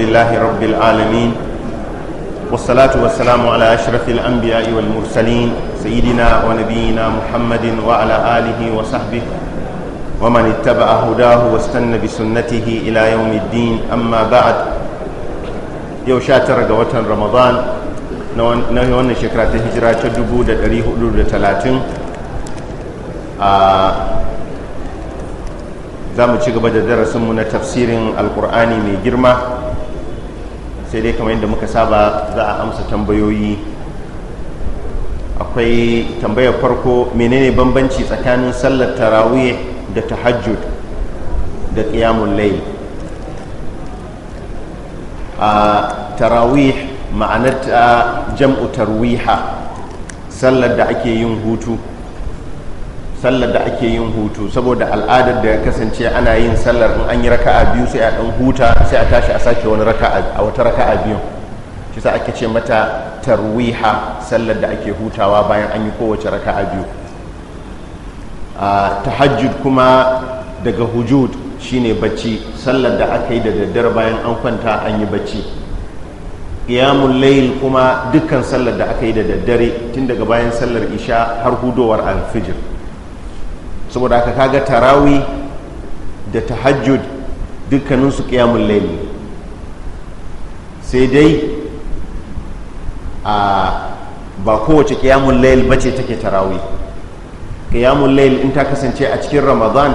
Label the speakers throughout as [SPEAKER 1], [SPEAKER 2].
[SPEAKER 1] لله رب العالمين والصلاة والسلام على أشرف الأنبياء والمرسلين سيدنا ونبينا محمد وعلى آله وصحبه ومن اتبع هداه واستنى بسنته إلى يوم الدين أما بعد يوشاتر قوة رمضان نهيون شكرة هجرة تدبو دريه أدود تلاتين za mu ci gaba da darasinmu na tafsirin alkur'ani mai girma sai dai kamar yadda muka saba za a amsa tambayoyi akwai tambayar farko menene bambanci tsakanin sallar tarawih da tahajjud da qiyamul layl a tarawih ma'anar jam'u tarwiha sallar da ake yin hutu sallar da ake yin hutu saboda al'adar da ya kasance ana yin sallar in an yi raka'a biyu sai a dan huta sai a tashi a sake wani raka'a a wata raka'a biyu shi sa ake ce mata tarwiha sallar da ake hutawa bayan an yi kowace raka'a biyu a tahajjud kuma daga hujud shine bacci sallar da aka yi da daddare bayan an kwanta an yi bacci qiyamul layl kuma dukkan sallar da aka yi da daddare tun daga bayan sallar isha har hudowar alfijir saboda aka kaga tarawi da tahajjud dukkaninsu kiyamun laili sai dai a ba kowace kiyamun lail bace take tarawi kiyamun layil in ta kasance a cikin ramadan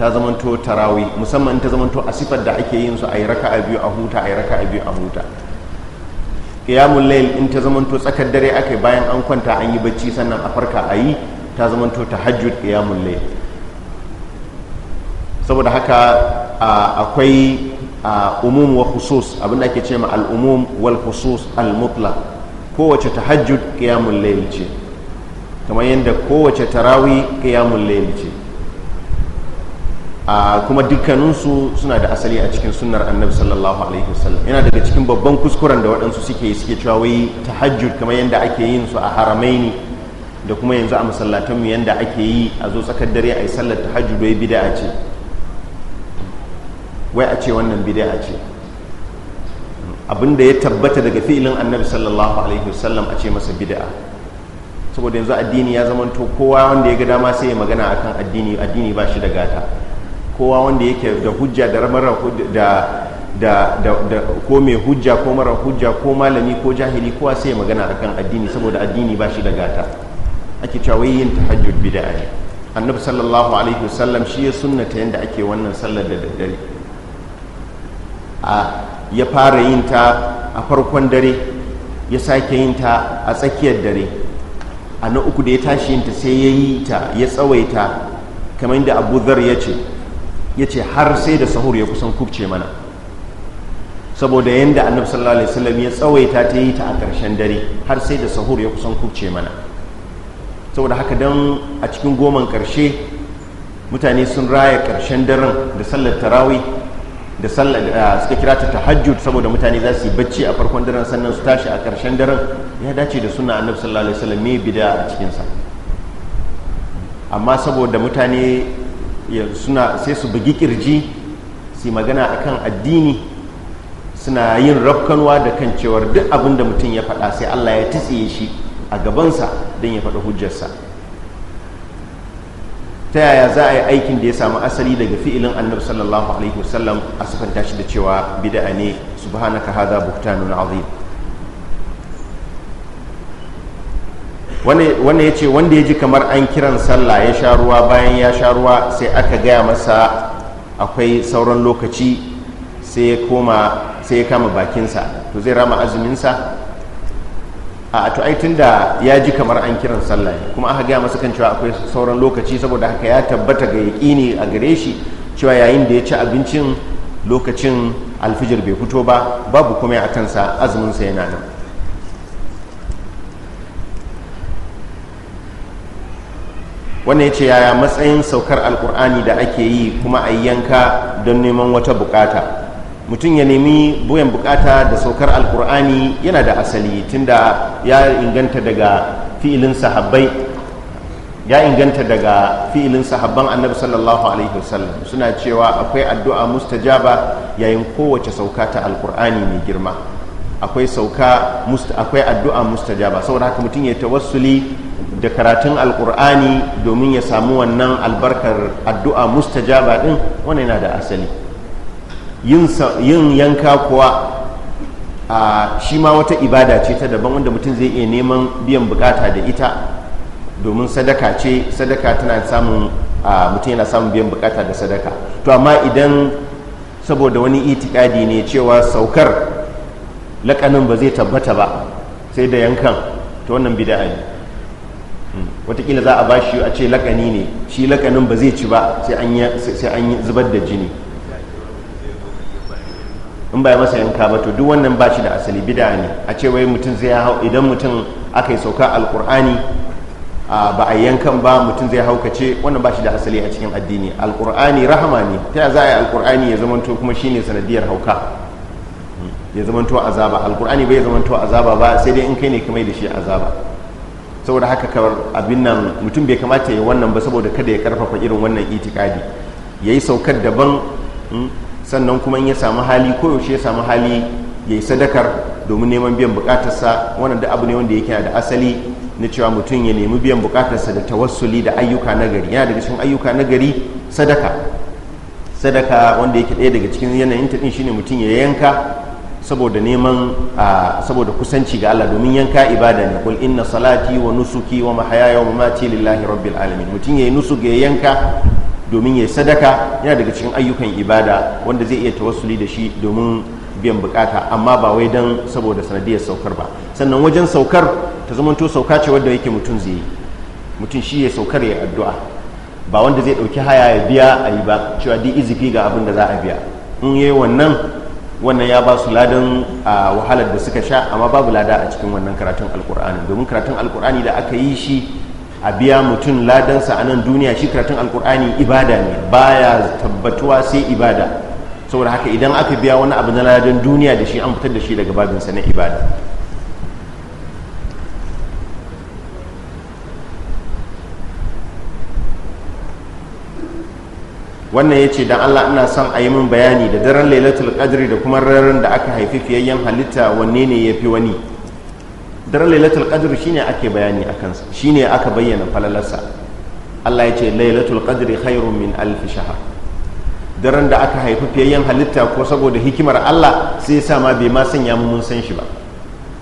[SPEAKER 1] ta zamanto tarawi musamman in ta zamanto a sifar da ake yin su a yi raka a biyu a huta a yi raka a biyu a huta kiyamun layil in ta zamanto tsakar dare aka bayan an kwanta an yi bacci sannan a farka a yi ta zamanto tahajjud ya mulle saboda haka akwai umum wa khusus abinda ake ce ma al-umum wal khusus al-mutlaq kowace tahajjud qiyamul ce kamar yadda kowace tarawi qiyamul layl ce kuma dukkaninsu suna da asali a cikin sunnar annabi sallallahu alaihi wasallam yana daga cikin babban kuskuren da waɗansu suke suke cewa wai tahajjud kamar yadda ake yin su a haramaini da kuma yanzu a masallatanmu yadda ake yi a zo tsakar dare a yi sallar tahajjud wai bid'a ce wai a ce wannan bid'a ce abinda ya tabbata daga fi'ilin annabi sallallahu alaihi wasallam a ce masa bid'a saboda yanzu addini ya zama to kowa wanda ya ga dama sai ya magana akan addini addini ba shi da gata kowa wanda yake da hujja da mara da da da ko mai hujja ko mara hujja ko malami ko jahili kowa sai ya magana akan addini saboda addini ba shi da gata ake cewa yin tahajjud bid'a ne annabi sallallahu alaihi wasallam shi ya sunnata yadda ake wannan sallar da daddare a ya fara yin ta a farkon dare ya sake yin ta a tsakiyar dare a na uku da ya tashi yin ta sai ya yi ta ya tsawaita kamar yadda abu dhar ya ce ya ce har sai da sahur ya kusan kubce mana saboda yadda annabi sallallahu alaihi wasallam ya tsawaita ta yi ta a ƙarshen dare har sai da sahur ya kusan kubce mana saboda haka don a cikin goman karshe mutane sun raya karshen daren da sallar tarawi da sallar suka kira ta tahajjud saboda mutane za su yi bacci a farkon daren sannan su tashi a karshen daren ya dace da suna annab sallallahu alaihi wasallam me bida a cikinsa amma saboda mutane suna sai su bugi kirji su magana akan addini suna yin rafkanwa da kan cewar duk abin da mutum ya faɗa sai Allah ya tsiye shi a gabansa don ya faɗi hujjarsa ta yaya za a yi aikin da ya samu asali daga fi'ilin annabi sallallahu alaihi wasallam a sufanta tashi da cewa bida'a ne subhanaka hadha buhtanun azim wanda ya ce wanda ya ji kamar an kiran sallah ya sha ruwa bayan ya sha ruwa sai aka gaya masa akwai sauran lokaci sai ya kama bakinsa to zai rama azuminsa a to ai tunda ya ji kamar an kiran sallah kuma aka gaya masa kan cewa akwai sauran lokaci saboda haka ya tabbata ga yaƙini a gare shi cewa yayin da ya ci abincin lokacin alfijir bai fito ba babu kuma a kansa azumin sa yana nan wannan ya ce yaya matsayin saukar alkur'ani da ake yi kuma a yanka don neman wata bukata mutum ya nemi buyan bukata da saukar alkur'ani yana da asali tunda ya inganta daga fi'ilin sahabbai ya inganta daga fi'ilin sahabban annabi sallallahu alaihi wasallam suna cewa akwai addu'a mustajaba yayin kowace sauka ta alkur'ani mai girma akwai sauka akwai addu'a mustajaba saboda haka mutum ya tawassuli da karatun alkur'ani domin ya samu wannan albarkar addu'a mustajaba din wannan yana da asali yin yanka kuwa a shi ma wata ibada ce ta daban wanda mutum zai iya neman biyan bukata da ita domin sadaka ce sadaka tana samun mutum yana samun biyan bukata da sadaka to amma idan saboda wani itikadi ne cewa saukar lakanin ba zai tabbata ba sai da yankan ta wannan bida'a ne hmm. watakila za a bashi a ce lakani ne shi lakanin ba zai ci ba sai an zubar da jini in ba masa yanka ba to duk wannan ba shi da asali bida ne a ce wai mutum zai hau idan mutum aka yi sauka alkur'ani ba a yankan ba mutum zai haukace wannan ba shi da asali a cikin addini alkur'ani rahama ne ta za a yi alkur'ani ya zamanto kuma shine sanadiyar hauka ya zamanto azaba alkur'ani bai zamanto azaba ba sai dai in kai ne ka mai da shi azaba saboda haka kawar abin nan mutum bai kamata ya wannan ba saboda kada ya karfafa irin wannan itikadi ya yi saukar daban hmm, sannan kuma in ya samu hali koyaushe ya samu hali ya yi sadakar domin neman biyan bukatarsa wannan da abu ne wanda yake da asali na cewa mutum ya nemi biyan bukatarsa da tawassuli da ayyuka na gari yana daga cikin ayyuka na gari sadaka sadaka wanda yake daya daga cikin yanayin ta din shine mutum ya yanka saboda neman saboda kusanci ga Allah domin yanka ibada ne kul inna salati wa nusuki wa mahayaya wa mamati lillahi rabbil alamin mutum ya yi nusuk ya yanka domin ya sadaka yana daga cikin ayyukan ibada wanda zai iya tawassuli da shi domin biyan bukata amma ba wai dan saboda sanadiyar saukar ba sannan wajen saukar ta to sauka ce wadda yake mutum zai yi mutum shi ya saukar ya addu'a ba wanda zai dauki haya ya biya a yi ba cewa di izifi ga abin da za a biya in yi wannan wannan ya ba su ladan wahalar da suka sha amma babu lada a cikin wannan karatun alkur'ani domin karatun alkur'ani da aka yi shi a biya mutum ladansa a nan duniya shi karatun alkur'ani ibada ne ba ya tabbatuwa sai ibada saboda haka idan aka biya wani abu na ladan duniya da shi an fitar da shi daga babinsa na ibada wannan ya ce don allah ina son a yi min bayani da daren lailatul qadri da kuma ranar da aka haifi fiyayyen halitta wanne ne ya fi wani daren lailatul qadr shine ake bayani akan sa shine aka bayyana falalarsa Allah ya ce lailatul qadr khairun min alf shahr daren da aka haifi fiyayyen halitta ko saboda hikimar Allah sai ya sa ma bai ma sanya mu mun san shi ba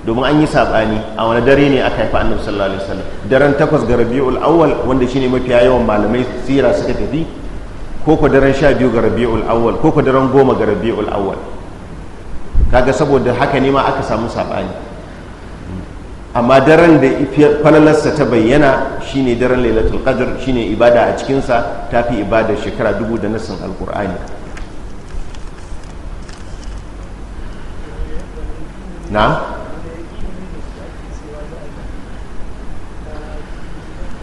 [SPEAKER 1] domin an yi sabani a wani dare ne aka haifi annabi sallallahu alaihi wasallam daren takwas ga rabiul awwal wanda shine mafi yawan malamai sira suka tafi ko ko daren 12 ga rabiul awwal ko ko daren goma ga rabiul awwal kaga saboda haka ne ma aka samu sabani amma daren da falalarsa ta bayyana shine daren lailatul qadr shine ibada a cikinsa ta fi ibada shekara dubu da nasin alkur'ani na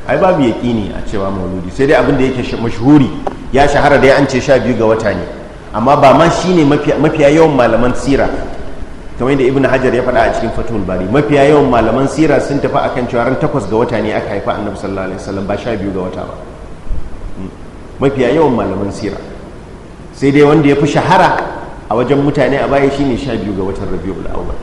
[SPEAKER 1] ai babu yaƙini a cewa mauludi sai dai abin da yake mashhuri ya shahara dai an ce sha biyu ga wata ne amma ba ma shine mafiya yawan malaman tsira kamar yadda ibn hajar ya faɗa a cikin fatul bari mafiya yawan malaman sira sun tafi akan kan cewarin takwas ga wata ne aka haifa annabi sallallahu alaihi wasallam ba sha biyu ga wata ba hmm. mafiya yawan malaman sira sai dai wanda ya fi shahara a wajen mutane a baya shine sha biyu ga watan rabiul awwal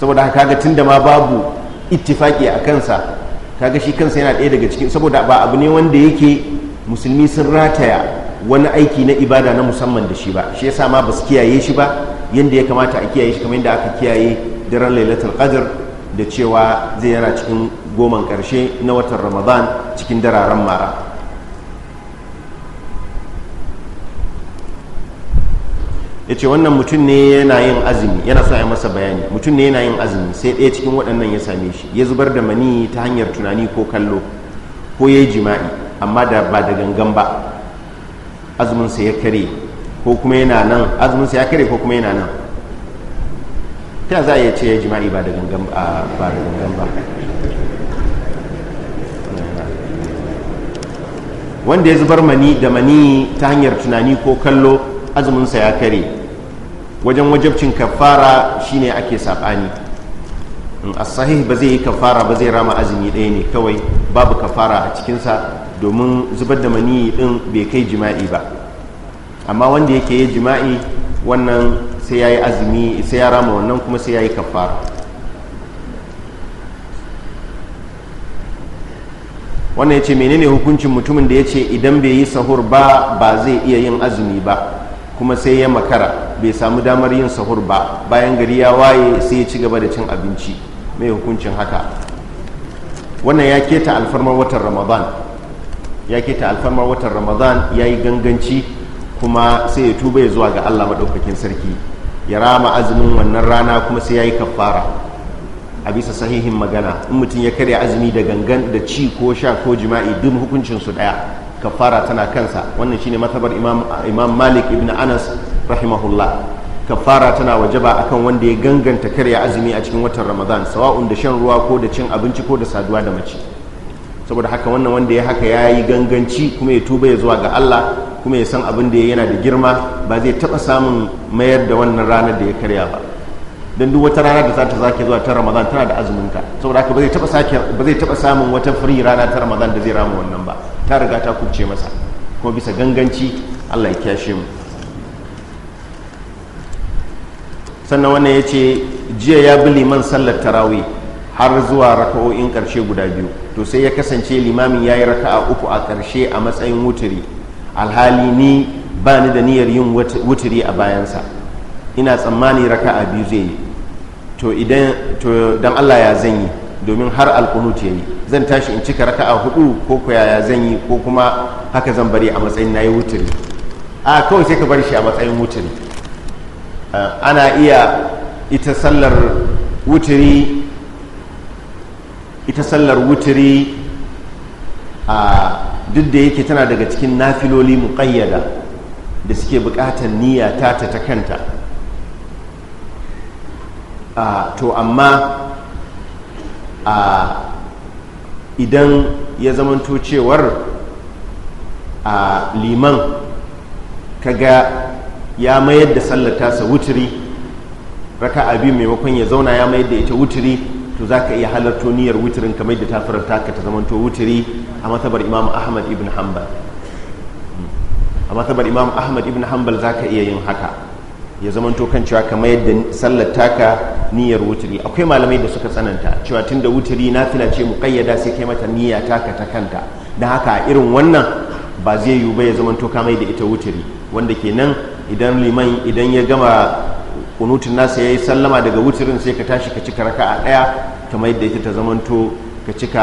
[SPEAKER 1] saboda haka kaga tunda ma babu ittifaki a kansa kaga shi kansa yana ɗaya daga cikin saboda ba abu ne wanda yake musulmi sun rataya wani aiki na ibada na musamman da shi ba shi yasa ma ba su kiyaye shi ba yadda ya kamata a kiyaye shi kamar yadda aka kiyaye daren lailatul qadr da cewa zai yana cikin goman karshe na watan ramadan cikin dararen mara ya ce wannan mutum ne yana yin azumi yana sa ya masa bayani mutum ne yana yin azumi sai ɗaya cikin waɗannan ya same shi ya zubar da mani ta hanyar tunani ko kallo ko ya yi jima'i amma da ba da gangan ba azuminsa ya kare ko kuma yana nan azumin sa ya kare ko kuma yana nan ta za a iya ce ya jima'i ba da gangan ba da gangan ba wanda ya zubar mani da mani ta hanyar tunani ko kallo azumin sa ya kare wajen wajabcin kafara shine ake sabani as-sahih ba zai yi kafara ba zai rama azumi ɗaya ne kawai babu kafara a cikinsa domin zubar da mani ɗin bai kai jima'i ba amma wanda yake yi jima'i wannan sai ya yi azumi sai ya rama wannan kuma sai ya yi kafara wannan ya ce menene hukuncin mutumin da ya ce idan bai yi sahur ba ba zai iya yin azumi ba kuma sai ya makara bai samu damar yin sahur ba bayan gari ya waye sai ya ci gaba da cin abinci mai hukuncin haka wannan ya keta alfarmar watan ramadan ya keta alfarmar watan ramadan ya yi ganganci kuma sai ya tuba ya zuwa ga Allah maɗaukakin sarki ya rama azumin wannan rana kuma sai ya yi kafara a bisa sahihin magana in mutum ya karya azumi da gangan da ci ko sha ko jima'i duk hukuncin su ɗaya kafara tana kansa wannan shine matabar imam, malik ibn anas rahimahullah kafara tana wajaba akan wanda ya ganganta karya azumi a cikin watan ramadan sawa'un da shan ruwa ko da cin abinci ko da saduwa da mace saboda haka wannan wanda ya haka ya yi ganganci kuma ya tuba ya zuwa ga Allah kuma ya san abin da ya yana da girma ba zai taɓa samun mayar da wannan ranar da ya karya ba don duk wata rana da za ta zake zuwa ta ramadan tana da azumin ka saboda haka ba zai taɓa samun wata firi rana ta ramadan da zai rama wannan ba ta riga ta kubce masa kuma bisa ganganci Allah ya kyashe mu sannan wannan ya ce jiya ya bi liman sallar tarawih har zuwa raka'o'in ƙarshe guda biyu to sai ya kasance limamin ya yi raka'a uku a ƙarshe a matsayin wuturi alhali ni ba ni da niyyar yin wuturi a bayansa ina tsammani raka'a biyu zai yi to idan to dan Allah ya zan yi domin har alkunut ya yi zan tashi in cika raka'a hudu ko ko ya zan yi ko kuma haka zan bari a matsayin nayi wuturi a kawai sai ka bar shi a matsayin wuturi ana iya ita sallar wuturi ita sallar wutiri a duk da yake tana daga cikin nafiloli muƙayyada da suke buƙatar niyya ta ta ta kanta to amma a idan ya zamanto cewar a liman kaga ya mayar da sallar tasa wuturi raka abin maimakon ya zauna ya mayar da ita wutiri to za ka iya halarto niyyar wutirin kamar da ta faranta ka ta zamanto wutiri a matsabar imam ahmad ibn hanbal a matsabar imam ahmad ibn hanbal za ka iya yin haka ya zamanto kan cewa kamar yadda sallar taka niyyar wutiri akwai malamai da suka tsananta cewa tun da wutiri na fila ce muƙayyada sai kai mata niyya taka ta kanta don haka a irin wannan ba zai yiwu ba ya zamanto kamar da ita wutiri wanda kenan idan liman idan ya gama kunutin nasa yi sallama daga wutirin sai ka tashi ka cika raka'a ɗaya kamar yadda yake ta zamanto ka cika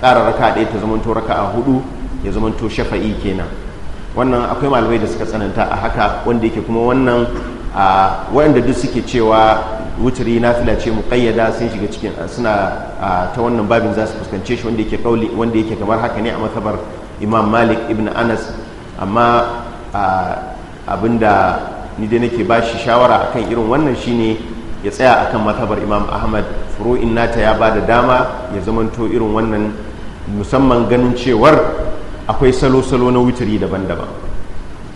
[SPEAKER 1] ƙara raka'a ɗaya ta zamanto raka'a hudu ya zamanto shafa'i kenan wannan akwai malamai da suka tsananta a haka wanda yake kuma wannan a waɗanda duk suke cewa wuturi fila ce muƙayyada sun shiga cikin suna ta wannan babin za su fuskance shi wanda yake kamar haka ne a matsabar imam malik ibn anas amma abinda ni dai nake ba shi shawara akan irin wannan shine ya tsaya akan matabar imam ahmad furu'in nata ya ba da dama ya zamanto irin wannan musamman ganin cewar akwai salo-salo na wuturi daban-daban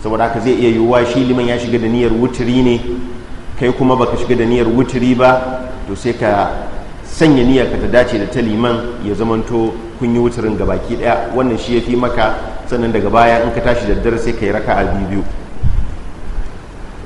[SPEAKER 1] saboda haka zai iya yiwuwa shi liman ya shiga da niyyar wuturi ne kai kuma baka shiga da niyyar wuturi ba to sai ka sanya niyyar ka ta dace da ta liman ya zamanto kun yi wuturin gabaki daya wannan shi ya fi maka sannan daga baya in ka tashi daddare sai ka yi raka'a biyu biyu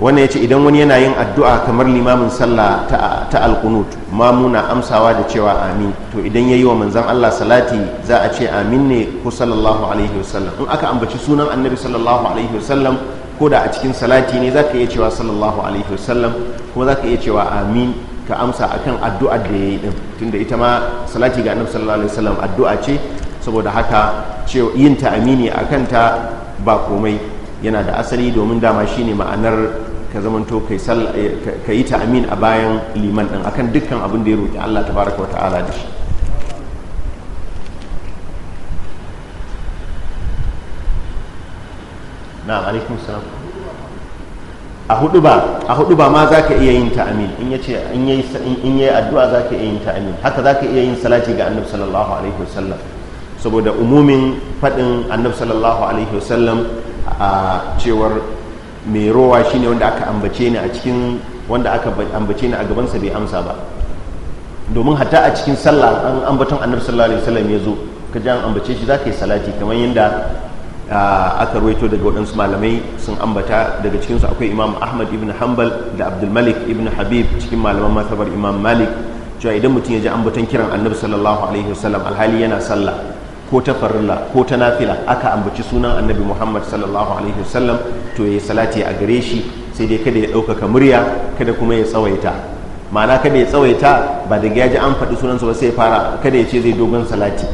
[SPEAKER 1] wannan ya ce idan wani yana yin addu'a kamar limamin sallah ta alkunut ma muna amsawa da cewa amin to idan ya yi wa manzan Allah salati za a ce amin ne ko sallallahu alaihi wasallam in aka ambaci sunan annabi sallallahu alaihi wasallam ko da a cikin salati ne za ka iya cewa sallallahu alaihi wasallam kuma za ka iya cewa amin ka amsa akan addu'a da ya yi din tunda ita ma salati ga annabi sallallahu alaihi wasallam addu'a ce saboda haka yin ta amini akan ta ba komai yana da asali domin dama shine ma'anar ka zamanto ka yi ta amin a bayan liman ɗin akan dukkan abin da ya roƙi Allah tabaraka wa ta'ala da shi na alaikum salam a hudu ba a hudu ba ma za ka iya yin ta amin in ya ce in yi addu'a za ka iya yin ta amin haka za ka iya yin salati ga annabi sallallahu alaihi wasallam saboda umumin faɗin annabi sallallahu alaihi wasallam a cewar mai rowa shine wanda aka ambace ni a cikin wanda aka ambace ni a gabansa bai amsa ba domin hatta a cikin sallah an ambaton annabi sallallahu alaihi wasallam ya zo ka ji an ambace shi za ka yi salati kamar yadda aka ruwaito daga wadansu malamai sun ambata daga cikinsu akwai imam ahmad ibn hanbal da Abdul Malik ibn habib cikin malaman masabar imam malik cewa idan mutum ya ji ambaton kiran annabi sallallahu alaihi wasallam alhali yana sallah ko ta farilla ko ta nafila aka ambaci sunan annabi muhammad sallallahu alaihi wasallam to ya salati a gare shi sai dai kada ya ɗaukaka murya kada kuma ya tsawaita ma'ana kada ya tsawaita ba da gaji an faɗi sunansa ba sai fara kada ya ce zai dogon salati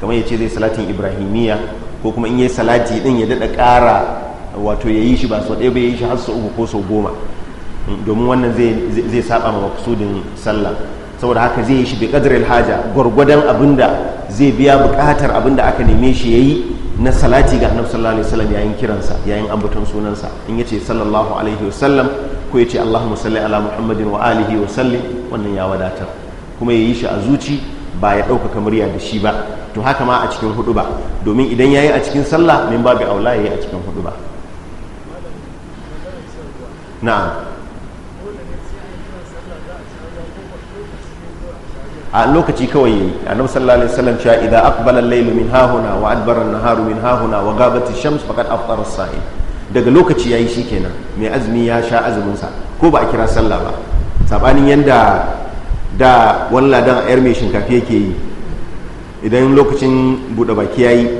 [SPEAKER 1] kamar ya ce zai salatin ibrahimiyya ko kuma in yi salati din ya daɗa kara wato ya yi shi ba sau ɗaya ba ya yi shi har sau uku ko sau goma domin wannan zai saba ma maksudin sallah saboda haka zai yi shi bi qadril haja gwargwadon abinda zai biya bukatar abinda aka neme shi ya yi na salati ga annabi sallallahu alaihi wasallam yayin kiransa yayin ambaton sunansa in yace sallallahu alaihi wasallam ko yace allahumma salli ala muhammadin wa alihi wa sallim wannan ya wadatar kuma yayi shi a zuci ba ya ɗaukaka murya da shi ba to haka ma a cikin hudu ba domin idan yayi a cikin sallah min babu aula yayi a cikin hudu ba na'am a lokaci kawai yayi annabi sallallahu alaihi wasallam cewa idza aqbala al-laylu min hahuna wa adbara an-naharu min hahuna wa ghabat ash-shams faqad afṭara as-sa'im daga lokaci yayi shikenan mai azumi ya sha azumin sa ko ba a kira sallah ba sabanin yanda da walla dan ayar mai shinkafi yake yi idan lokacin bude baki yayi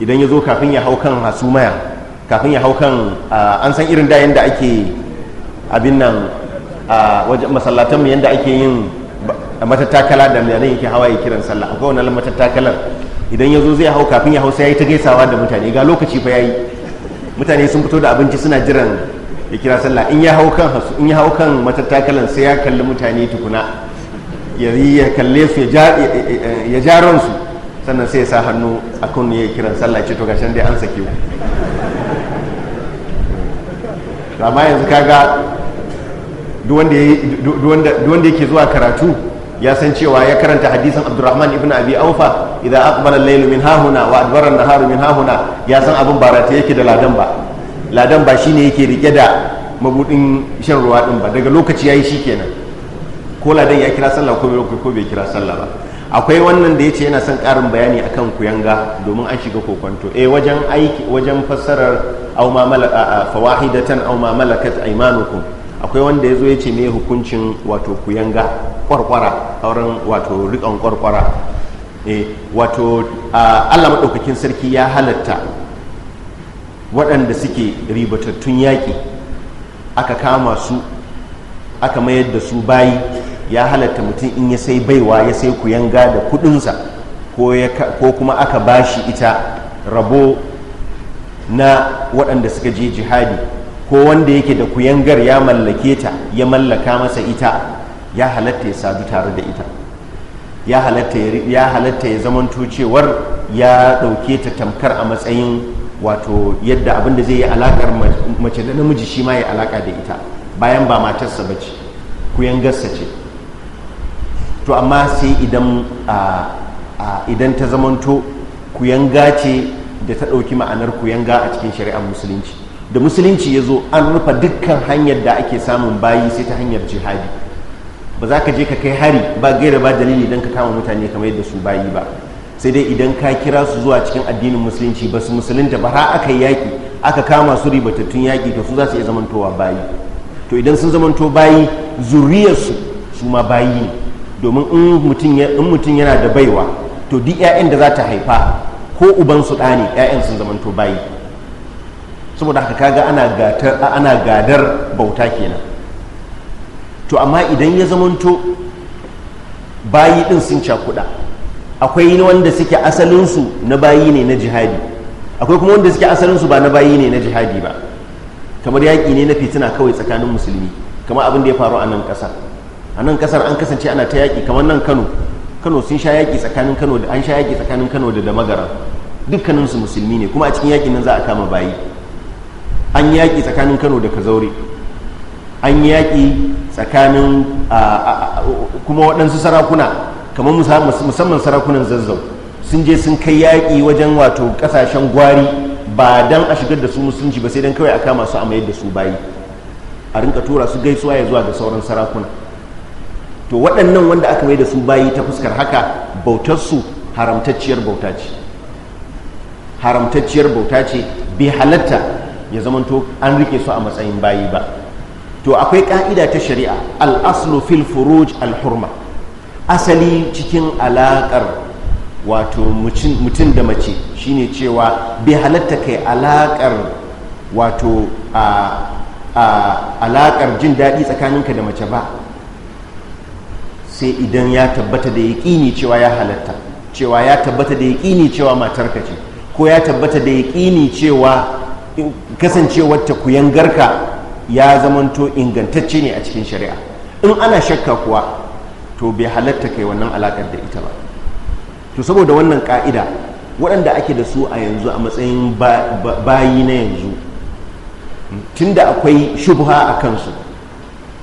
[SPEAKER 1] idan ya zo kafin ya hau kan hasumaya kafin ya hau kan an san irin da yanda ake abin nan a wajen masallatan mu yanda ake yin matattakala da mai yake hawa ya kiran sallah akwai wani matattakalar idan ya zo zai hau kafin ya hau sai ya yi ta gaisawa da mutane ga lokaci fa ya yi mutane sun fito da abinci suna jiran ya kira sallah in ya hau kan hasu in ya hau kan matattakalan sai ya kalli mutane tukuna ya ya kalle su ya ja su sannan sai ya sa hannu a kan ya kiran sallah ce to gashin dai an sake amma yanzu kaga duk wanda yake zuwa karatu ya san cewa ya karanta hadisin abdurrahman ibn abi aufa idan aqbala lailu min hahuna wa adbara na haru min hahuna ya san abin barata yake da ladan ba ladan ba shine yake rike da mabudin shan ruwa din ba daga lokaci yayi shikenan ko ladan ya kira sallah ko ko bai kira sallah ba akwai wannan da ya ce yana son karin bayani akan kuyanga domin an shiga kokonto eh wajen aiki wajen fassarar aw ma malaka fawahidatan aymanukum akwai wanda ya zo ya ce mai hukuncin wato kuyanga kwarkwara auren wato riƙon kwarkwara e wato allah maɗaukakin sarki ya halatta waɗanda suke ribatattun yaƙi aka kama su aka mayar da su bayi ya halatta mutum in ya sai baiwa ya sai kuyanga da kudinsa ko kuma aka bashi ita rabo na waɗanda suka je jihadi ko wanda yake da kuyangar ya mallake ta ya mallaka masa ita ya halatta ya sadu tare da ita ya halatta ya halatta ya zamanto cewar ya ɗauke ta tamkar a matsayin wato yadda abin da zai yi alakar mace da namiji shi ma ya alaka da ita bayan ba matarsa ba ce kuyangarsa ce to amma sai idan idan ta zamanto kuyanga ce da ta ɗauki ma'anar kuyanga a cikin shari'ar musulunci da musulunci ya zo an rufe dukkan hanyar da ake samun bayi sai ta hanyar jihadi ba za ka je ka kai hari ba gaira ba dalili idan ka kama mutane kamar yadda su bayi ba sai dai idan ka kira su zuwa cikin addinin musulunci ba su musulunta ba har aka yaki aka kama su ribatattun yaki to su za su iya zamantowa bayi to idan sun zamanto bayi zuriyarsu su ma bayi ne domin in mutum yana da baiwa to duk 'ya'yan da za ta haifa ko ubansu ɗa ne 'ya'yan sun zamanto bayi saboda haka kaga ana gadar bauta kenan to amma idan ya zamanto bayi din sun cakuda akwai wanda suke asalinsu na bayi ne na jihadi akwai kuma wanda suke asalinsu ba na bayi ne na jihadi ba kamar yaƙi ne na fitina kawai tsakanin musulmi kamar abin da ya faru a nan ƙasar a nan ƙasar an kasance ana ta yaƙi kamar nan kano kano sun sha yaƙi tsakanin kano da an sha yaƙi tsakanin kano da da magara dukkaninsu musulmi ne kuma a cikin yaƙin nan za a kama bayi an yaƙi tsakanin kano da kazauri an yaƙi tsakanin kuma waɗansu sarakuna kamar musamman sarakunan zazzau sun je sun kai yaƙi wajen wato ƙasashen gwari ba don a shigar da su musulunci ba sai don kawai a kama su a mayar da su bayi a rinka tura su gaisuwa ya zuwa ga sauran sarakuna to waɗannan wanda aka mai da su bayi ta fuskar haka bautarsu haramtacciyar bauta ce haramtacciyar bauta ce bai halatta ya zama to an rike su a matsayin bayi ba to akwai ka'ida ta shari'a al'aslu fil furuj al-hurma asali cikin alaƙar wato mutum da mace shine cewa bai halatta kai alaƙar wato alaƙar jin daɗi tsakaninka da mace ba sai idan ya tabbata da yaƙini cewa ya halatta cewa ya tabbata da yaƙini cewa matarka ce ko ya tabbata da yaƙini cewa kasancewar ta garka ya zamanto ingantacce ne a cikin shari'a in ana shakka kuwa to bai halatta kai wannan alaƙar da ita ba to saboda wannan ƙa'ida waɗanda ake da su a yanzu a matsayin bayi na yanzu tunda akwai shubha a kansu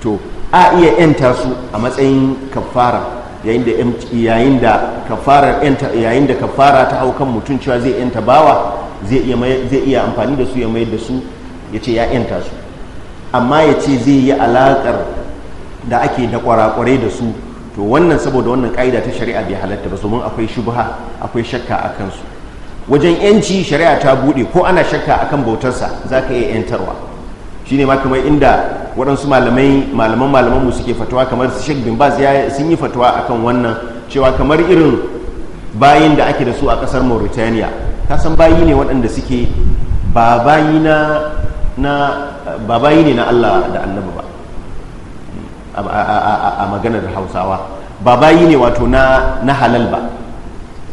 [SPEAKER 1] to a iya yanta su a matsayin kafara yayin da kafara ta hau kan mutum cewa zai yanta bawa zai iya amfani da su ya mayar da su ya ce ya yanta su amma ya ce zai yi alaƙar da ake da kwarakwarai da su to wannan saboda wannan ƙa'ida ta shari'a bai halatta ba domin akwai shubha akwai shakka a kansu wajen yanci shari'a ta buɗe ko ana shakka akan bautarsa za ka iya yantarwa shi ne ma kamar inda waɗansu malamai malaman malamanmu suke fatawa kamar su shek bin baz sun yi fatawa akan wannan cewa kamar irin bayin da ake da su a ƙasar mauritaniya. ka san bayi ne waɗanda suke ba bayi ne na Allah da annabi ba a maganar hausawa ba bayi ne wato na halal ba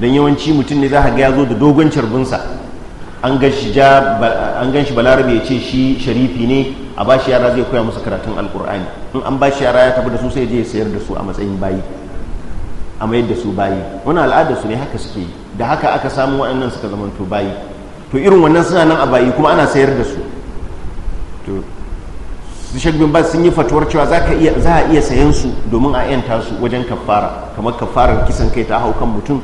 [SPEAKER 1] don yawanci mutum ne za a ga ya zo da dogon carbinsa an gan shi balarabe ya ce shi sharifi ne a ba shi yara zai koya musu karatun alkur'ani in an ba shi yara ya tafi da su sai je sayar da su a matsayin bayi a mayar da su bayi wani al'adar su ne haka suke da haka aka samu waɗannan suka zama to bayi to irin wannan suna nan a bayi kuma ana sayar da su to su shagbin ba sun yi fatuwar cewa za a iya sayan su domin a yanta su wajen kafara kamar kafarar kisan kai ta hau kan mutum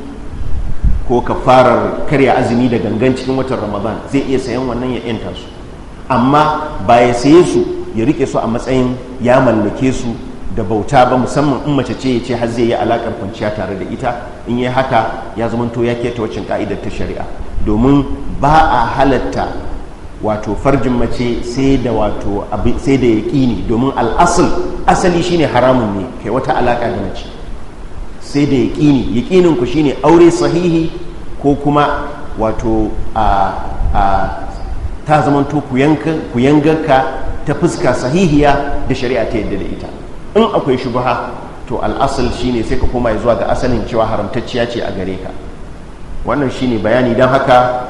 [SPEAKER 1] ko kafarar karya azumi da gangan cikin watan ramadan zai iya sayan wannan ya yanta su amma ba ya saye su ya rike su a matsayin ya mallake su da bauta ba musamman in mace ce ya ce har zai yi alakar kwanciya tare da ita in yi haka ya zamanto ya keta wacin ka'idar ta shari'a domin ba a halatta wato farjin mace sai da wato sai da yaƙini domin al'asul asali shine haramun ne kai wata alaka da mace sai da yaƙini yaƙinin ku shine aure sahihi ko kuma wato a ta zamanto ku yanganka ta fuska sahihiya da shari'a ta yadda da ita in akwai shubha to al'asal shine sai ka koma zuwa ga asalin cewa haramtacciya ce a gare ka wannan shine bayani don haka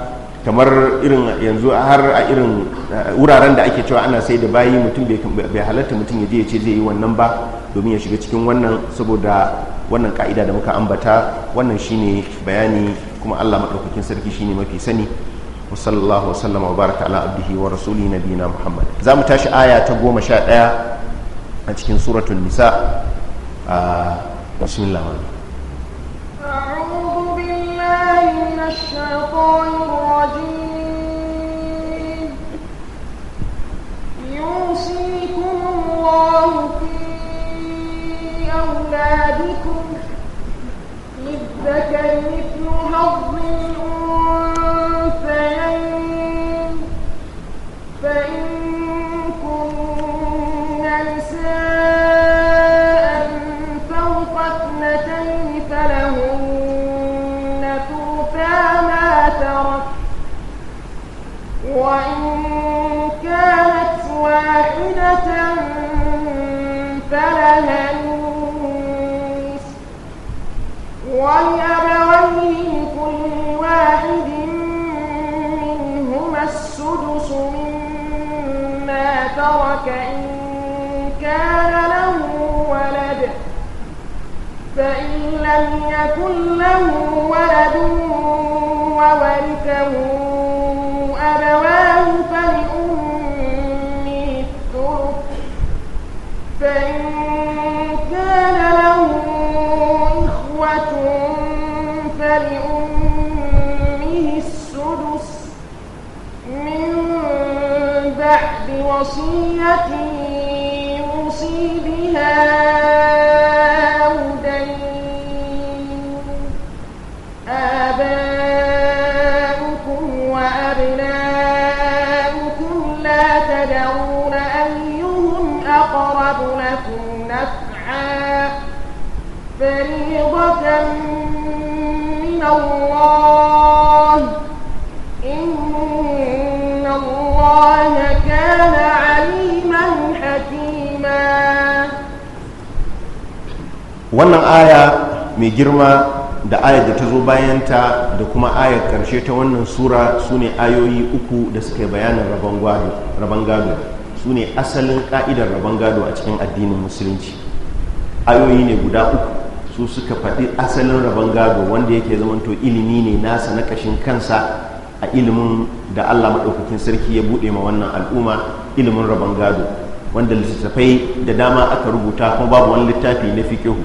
[SPEAKER 1] kamar irin yanzu har a irin uh, wuraren da ake cewa ana sai da bayi mutum bai halatta mutum ya je ya ce zai yi wannan ba domin ya shiga cikin wannan saboda wannan ka'ida da muka ambata wannan shine bayani kuma Allah maɗaukakin sarki shine mafi sani wasallallahu wasallama wa baraka ala abdihi wa rasuli na muhammad za mu tashi aya ta goma sha ɗaya a cikin suratul nisa a ah, bismillah
[SPEAKER 2] أعوذ بالله من الشيطان الرجيم يوصيكم الله في أولادكم للذكر مثل حظ ربك إن
[SPEAKER 1] كان له
[SPEAKER 2] ولد فإن لم يكن له ولد وصية يوصي بها أو دين آباؤكم وأبناؤكم لا أيهم أقرب لكم نفعا فريضة من الله
[SPEAKER 1] wannan aya mai girma da ayar da ta zo bayanta da kuma ayar karshe ta wannan sura su ne ayoyi uku da suka yi bayanin rabon gado su ne asalin ka'idar rabon gado a cikin addinin musulunci ayoyi ne guda uku su suka faɗi asalin rabon gado wanda yake zamanto ilimi ne nasa na kashin kansa a ilimin da allah maɗaukakin sarki ya buɗe ma wannan al'umma ilimin rabon gado wanda littattafai da dama aka rubuta kuma babu wani littafi na fikihu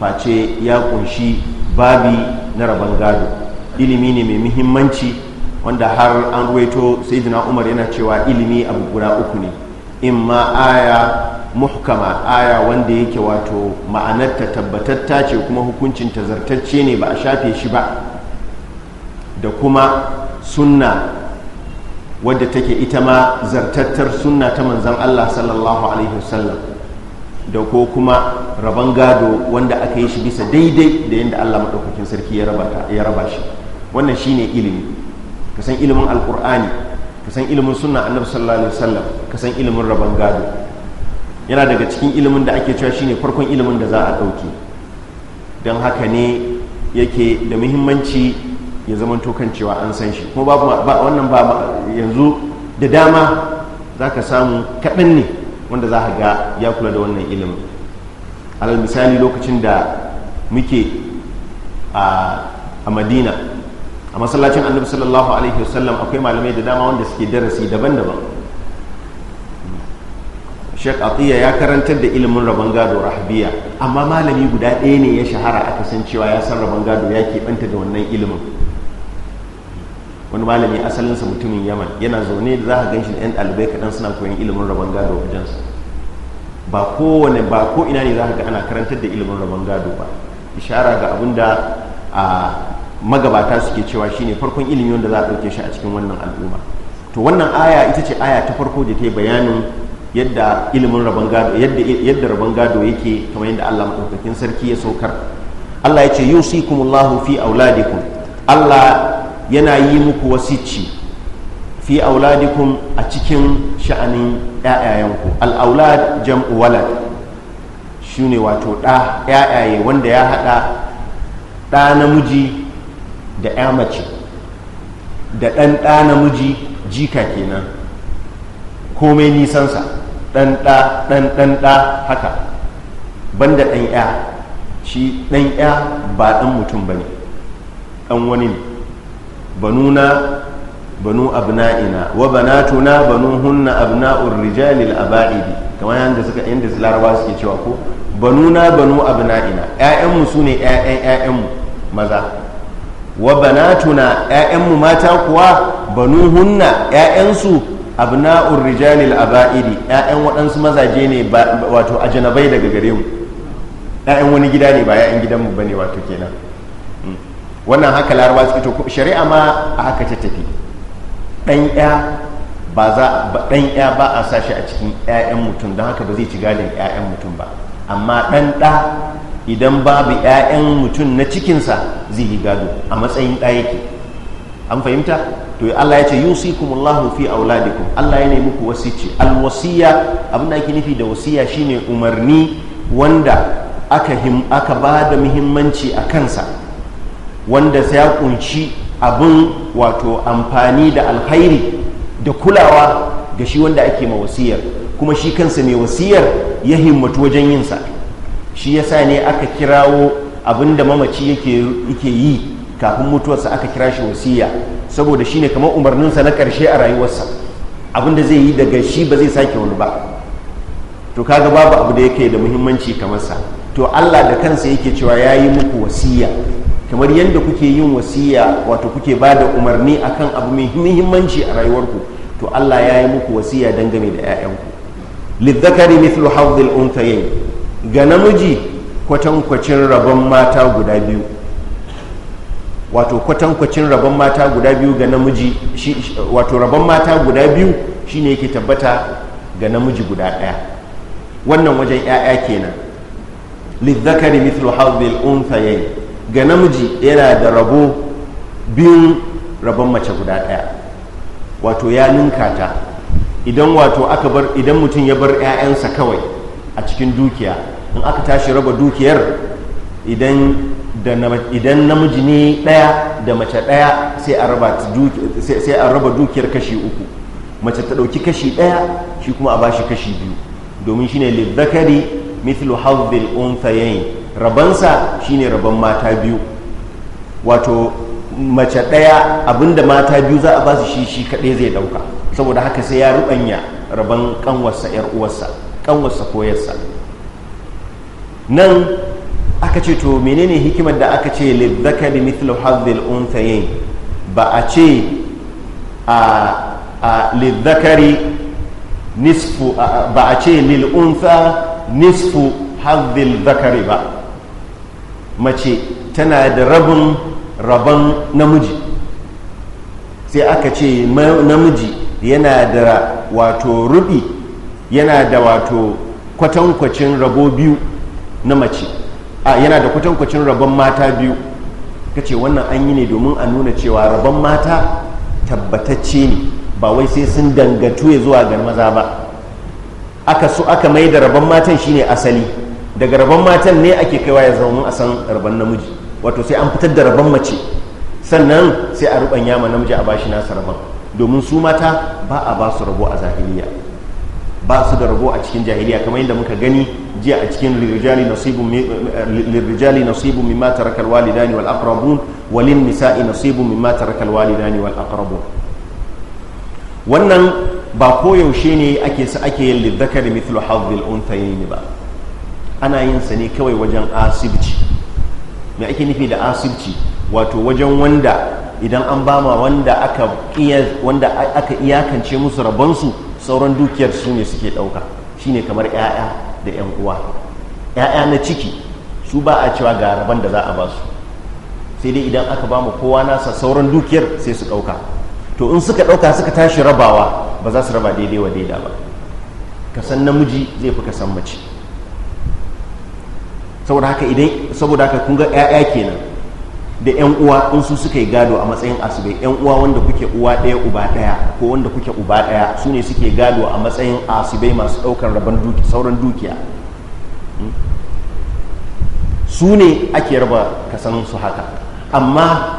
[SPEAKER 1] face ya kunshi babi na rabon gado ilimi ne mai muhimmanci wanda har an ruwaito saidina umar yana cewa ilimi abu guda uku ne in imma aya muhkama aya wanda yake wato ma'anarta tabbatatta ce kuma hukuncin tazartacce ne ba a shafe shi ba da kuma sunna wadda take ita ma zartattar sunna ta manzan allah sallallahu alaihi wasallam da ko kuma rabon gado wanda aka yi shi bisa daidai da yadda Allah maɗaukakin sarki ya raba shi wannan shi ne ilimi ka san ilimin alkur'ani ka san ilimin sunna annabi sallallahu alaihi wasallam ka san ilimin rabon gado yana daga cikin ilimin da ake cewa shine farkon ilimin da za a ɗauke don haka ne yake da muhimmanci ya zama tokan cewa an san shi kuma babu wannan ba yanzu da dama za ka samu kaɗan ne wanda za a ga ya kula da wannan ilimin alal misali lokacin da muke a madina a masallacin annabi sallallahu alaihi wasallam akwai malamai da dama wanda suke darasi daban-daban sheikh atiya ya karantar da ilimin rabon gado rahabiya amma malami guda ɗaya ne ya shahara aka san cewa ya san rabon gado ya keɓanta da wannan ilimin wani malami asalinsa mutumin yaman yana zaune da za a ganshi da 'yan ɗalibai kaɗan suna koyon ilimin rabon gado su. ba kowane ba ko ina ne za ka ga ana karantar da ilimin rabon gado ba ishara ga abin da a magabata suke cewa shine farkon ilimi wanda za a ɗauke shi a cikin wannan al'umma to wannan aya ita ce aya ta farko da ta yi bayanin yadda ilimin rabon gado yadda yadda rabon gado yake kamar yadda Allah madaukakin sarki ya saukar Allah ya ce yusikumullahu fi auladikum Allah yana yi muku ci fi auladikum a cikin sha'anin ‘ya'yayenku al'aulad jam'u walad shi ne wato ɗa ‘ya'yaye wanda ya haɗa ɗa namiji da ‘ya mace da ɗan ɗa namiji jika kenan komai nisansa ɗan ɗa ɗan ɗan ɗa haka banda ɗan ‘ya shi ɗan ‘ya ba ɗan mutum ba ne wani ne banuna banu abna'ina wa banatuna banuhunna abna'ur rijalil aba'idi kamar yanda suka yadda larabawa suke cewa ko banuna banu abna'ina ƴaƴanmu su ne ƴaƴan ƴaƴanmu maza wa banatuna ƴaƴanmu mata kuwa banuhunna ƴaƴansu abna'ur rijalil aba'idi ƴaƴan waɗansu mazaje ne wato ajnabai daga gare mu ƴaƴan wani gida ne ba ƴaƴan gidanmu bane wato kenan wannan haka larabawa su to shari'a ma a haka ta tafi ya ba za ya a sashi a cikin 'ya'yan mutum don haka ba zai ci gadin 'ya'yan mutum ba amma ɗan ɗa idan babu 'ya'yan mutum na cikinsa zai yi gado a matsayin ɗa yake an fahimta to Allah ya ce yusikumullahu fi auladikum Allah ya ne muku wasici alwasiya abin da ake nufi da wasiya shine umarni wanda aka aka ba da muhimmanci a kansa wanda sai ya kunshi abin wato amfani da alkhairi da kulawa ga shi wanda ake ma wasiyar kuma shi kansa mai wasiyar ya himmatu wajen yinsa shi yasa ne aka kirawo abin da mamaci yake yi kafin mutuwarsa aka kira shi wasiya saboda shi ne kamar umarninsa na karshe a rayuwarsa abin da zai yi daga shi ba zai sake wani ba to kaga babu abu da yake da muhimmanci kamar to Allah da kansa yake cewa ya yi muku wasiya kamar yadda kuke yin wasiya wato kuke ba da umarni akan abu mai muhimmanci a rayuwarku to Allah ya yi muku wasiya dangane da 'ya'yanku lizzakari mithlu hawdil unthayayn ga namiji kwatankwacin rabon mata guda biyu wato kwatankwacin rabon mata guda biyu ga namiji wato rabon mata guda biyu shine yake tabbata ga namiji guda ɗaya wannan wajen 'ya'ya kenan lizzakari mithlu hawdil unthayayn ga namiji yana da rabo biyun rabon mace guda ɗaya wato ya ninka ta idan wato aka bar idan mutum ya bar 'ya'yansa kawai a cikin dukiya in aka tashi raba dukiyar idan namiji ne ɗaya da mace ɗaya sai a raba dukiyar kashi uku mace ta ɗauki kashi ɗaya shi kuma a bashi kashi biyu domin shine lizzakari mithlu hazzil unthayayn rabansa shine raban mata biyu wato mace ɗaya abinda mata biyu za a basu su shi shi kaɗai zai ɗauka saboda haka sai ya ruɓanya raban ƙanwarsa 'yar uwarsa ƙanwarsa ko nan aka ce to menene hikimar da aka ce lizzakari mithlu hazzil unthayin ba a ce a a lizzakari nisfu ba a ce lil untha nisfu hazzil zakari ba mace tana da rabin rabon namiji sai aka ce namiji yana da wato rubi yana da wato kwatankwacin rabo biyu na mace a yana da kwatankwacin rabon mata biyu ka ce wannan an yi ne domin a nuna cewa rabon mata tabbatacce ne ba wai sai sun dangantu ya zuwa ga maza ba aka so aka mai da rabon matan shine asali daga rabon matan ne ake kaiwa ya zama a san rabon namiji wato sai an fitar da rabon mace sannan sai a ruban yama namiji a bashi nasa rabon domin su mata ba a ba su rabo a zahiliya ba su da rabo a cikin jahiliya kamar yadda muka gani jiya a cikin lirrijali nasibu mimma tarakal walidani wal aqrabun walin nisa'i nasibu mimma tarakal walidani wal aqrabun wannan ba koyaushe ne ake ake yin lidhakari mithlu hadhil unthayayn ba ana yin sa ne kawai wajen asibci me ake nufi da asibci wato wajen wanda idan an bama wanda aka wanda aka iyakance musu rabonsu sauran dukiyar su ne suke ɗauka shine kamar 'ya'ya da 'yan uwa 'ya'ya na ciki su ba a cewa ga rabon da za a ba su sai dai idan aka ba kowa nasa sauran dukiyar sai su ɗauka to in suka ɗauka suka tashi rabawa ba za su raba daidai wa daida ba kasan namiji zai fi ka san mace saboda haka idan saboda haka kun ga ƴaƴa kenan da ƴan uwa in su suka yi gado a matsayin asibai ƴan uwa wanda kuke uwa ɗaya uba ɗaya ko wanda kuke uba ɗaya su ne suke gado a matsayin asibai masu ɗaukar rabon duki sauran dukiya hmm? su ne ake raba kasanin su haka amma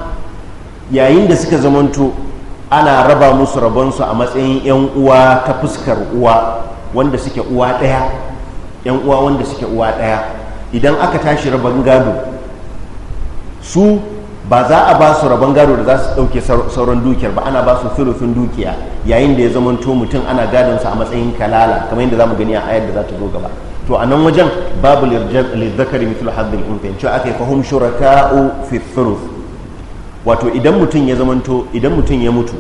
[SPEAKER 1] yayin da suka zamanto ana raba musu rabonsu a matsayin 'yan uwa ta fuskar uwa wanda suke uwa ɗaya 'yan uwa wanda suke uwa ɗaya idan aka tashi rabon gado su ba za a ba su rabon gado da za su ɗauke sauran dukiyar ba ana ba su filofin dukiya yayin da ya to mutum ana gadon sa a matsayin kalala kamar yadda za mu gani a ayar da za ta zo gaba to a nan wajen babu lirzakari mitul haddin unfain cewa aka yi fahim shuraka'u fi thuluth wato idan mutum ya to idan mutum ya mutu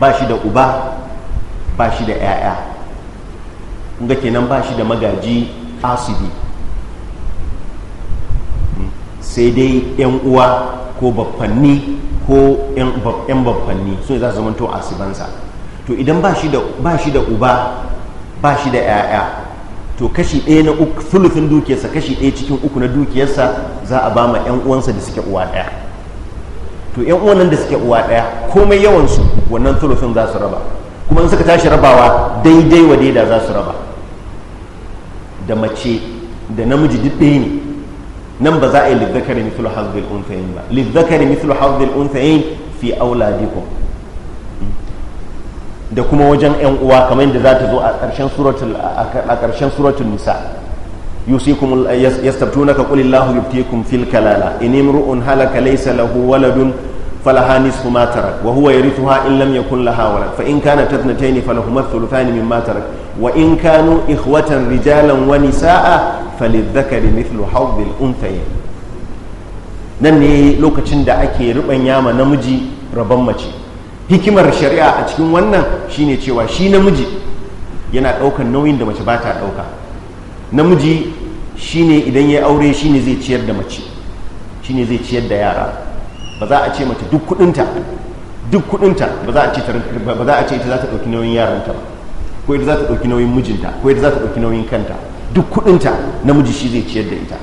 [SPEAKER 1] ba shi da uba ba shi da 'ya'ya ga kenan ba shi da magaji asibi sai dai yan uwa ko baffanni ko yan baffanni so za su zamanto asibansa to idan ba shi da uba ba shi da 'ya'ya to kashi ɗaya na uku fulufin dukiyarsa kashi ɗaya cikin uku na dukiyarsa za a ba ma 'yan uwansa da suke uwa ɗaya to 'yan uwan nan da suke uwa ɗaya komai yawansu wannan fulufin za su raba kuma in suka tashi rabawa daidai wa daida za su raba da mace da namiji duk ɗaya ne nan ba za a yi lizzakari mithlu hazzil unthayin ba lizzakari mithlu hazzil unthayin fi auladikum da kuma wajen yan uwa kamar yadda za ta zo a ƙarshen suratul a ƙarshen suratul nisa yusikum yastabtunaka qul illahu yubtikum fil kalala in imru'un halaka laysa lahu waladun falaha nisfu ma tarak wa huwa yarithuha in lam yakun laha walad fa in kanat tathnatayn falahuma thuluthani mimma tarak wa in kanu ikhwatan rijalan wa nisaa فللذكر مثل حظ الأنثيين nan ne lokacin da ake rubanya ma namiji rabon mace hikimar shari'a a cikin wannan shine cewa shi namiji yana daukan nauyin da mace ba ta ɗauka namiji shine idan ya aure shine zai ciyar da mace shine zai ciyar da yara ba za a ce mace duk kudinta duk kudinta ba za a ce ba za a ce ita za ta ɗauki nauyin yaranta ba ko ita za ta ɗauki nauyin mijinta ko ita za ta ɗauki nauyin kanta duk kudinta namiji shi zai ciyar da ita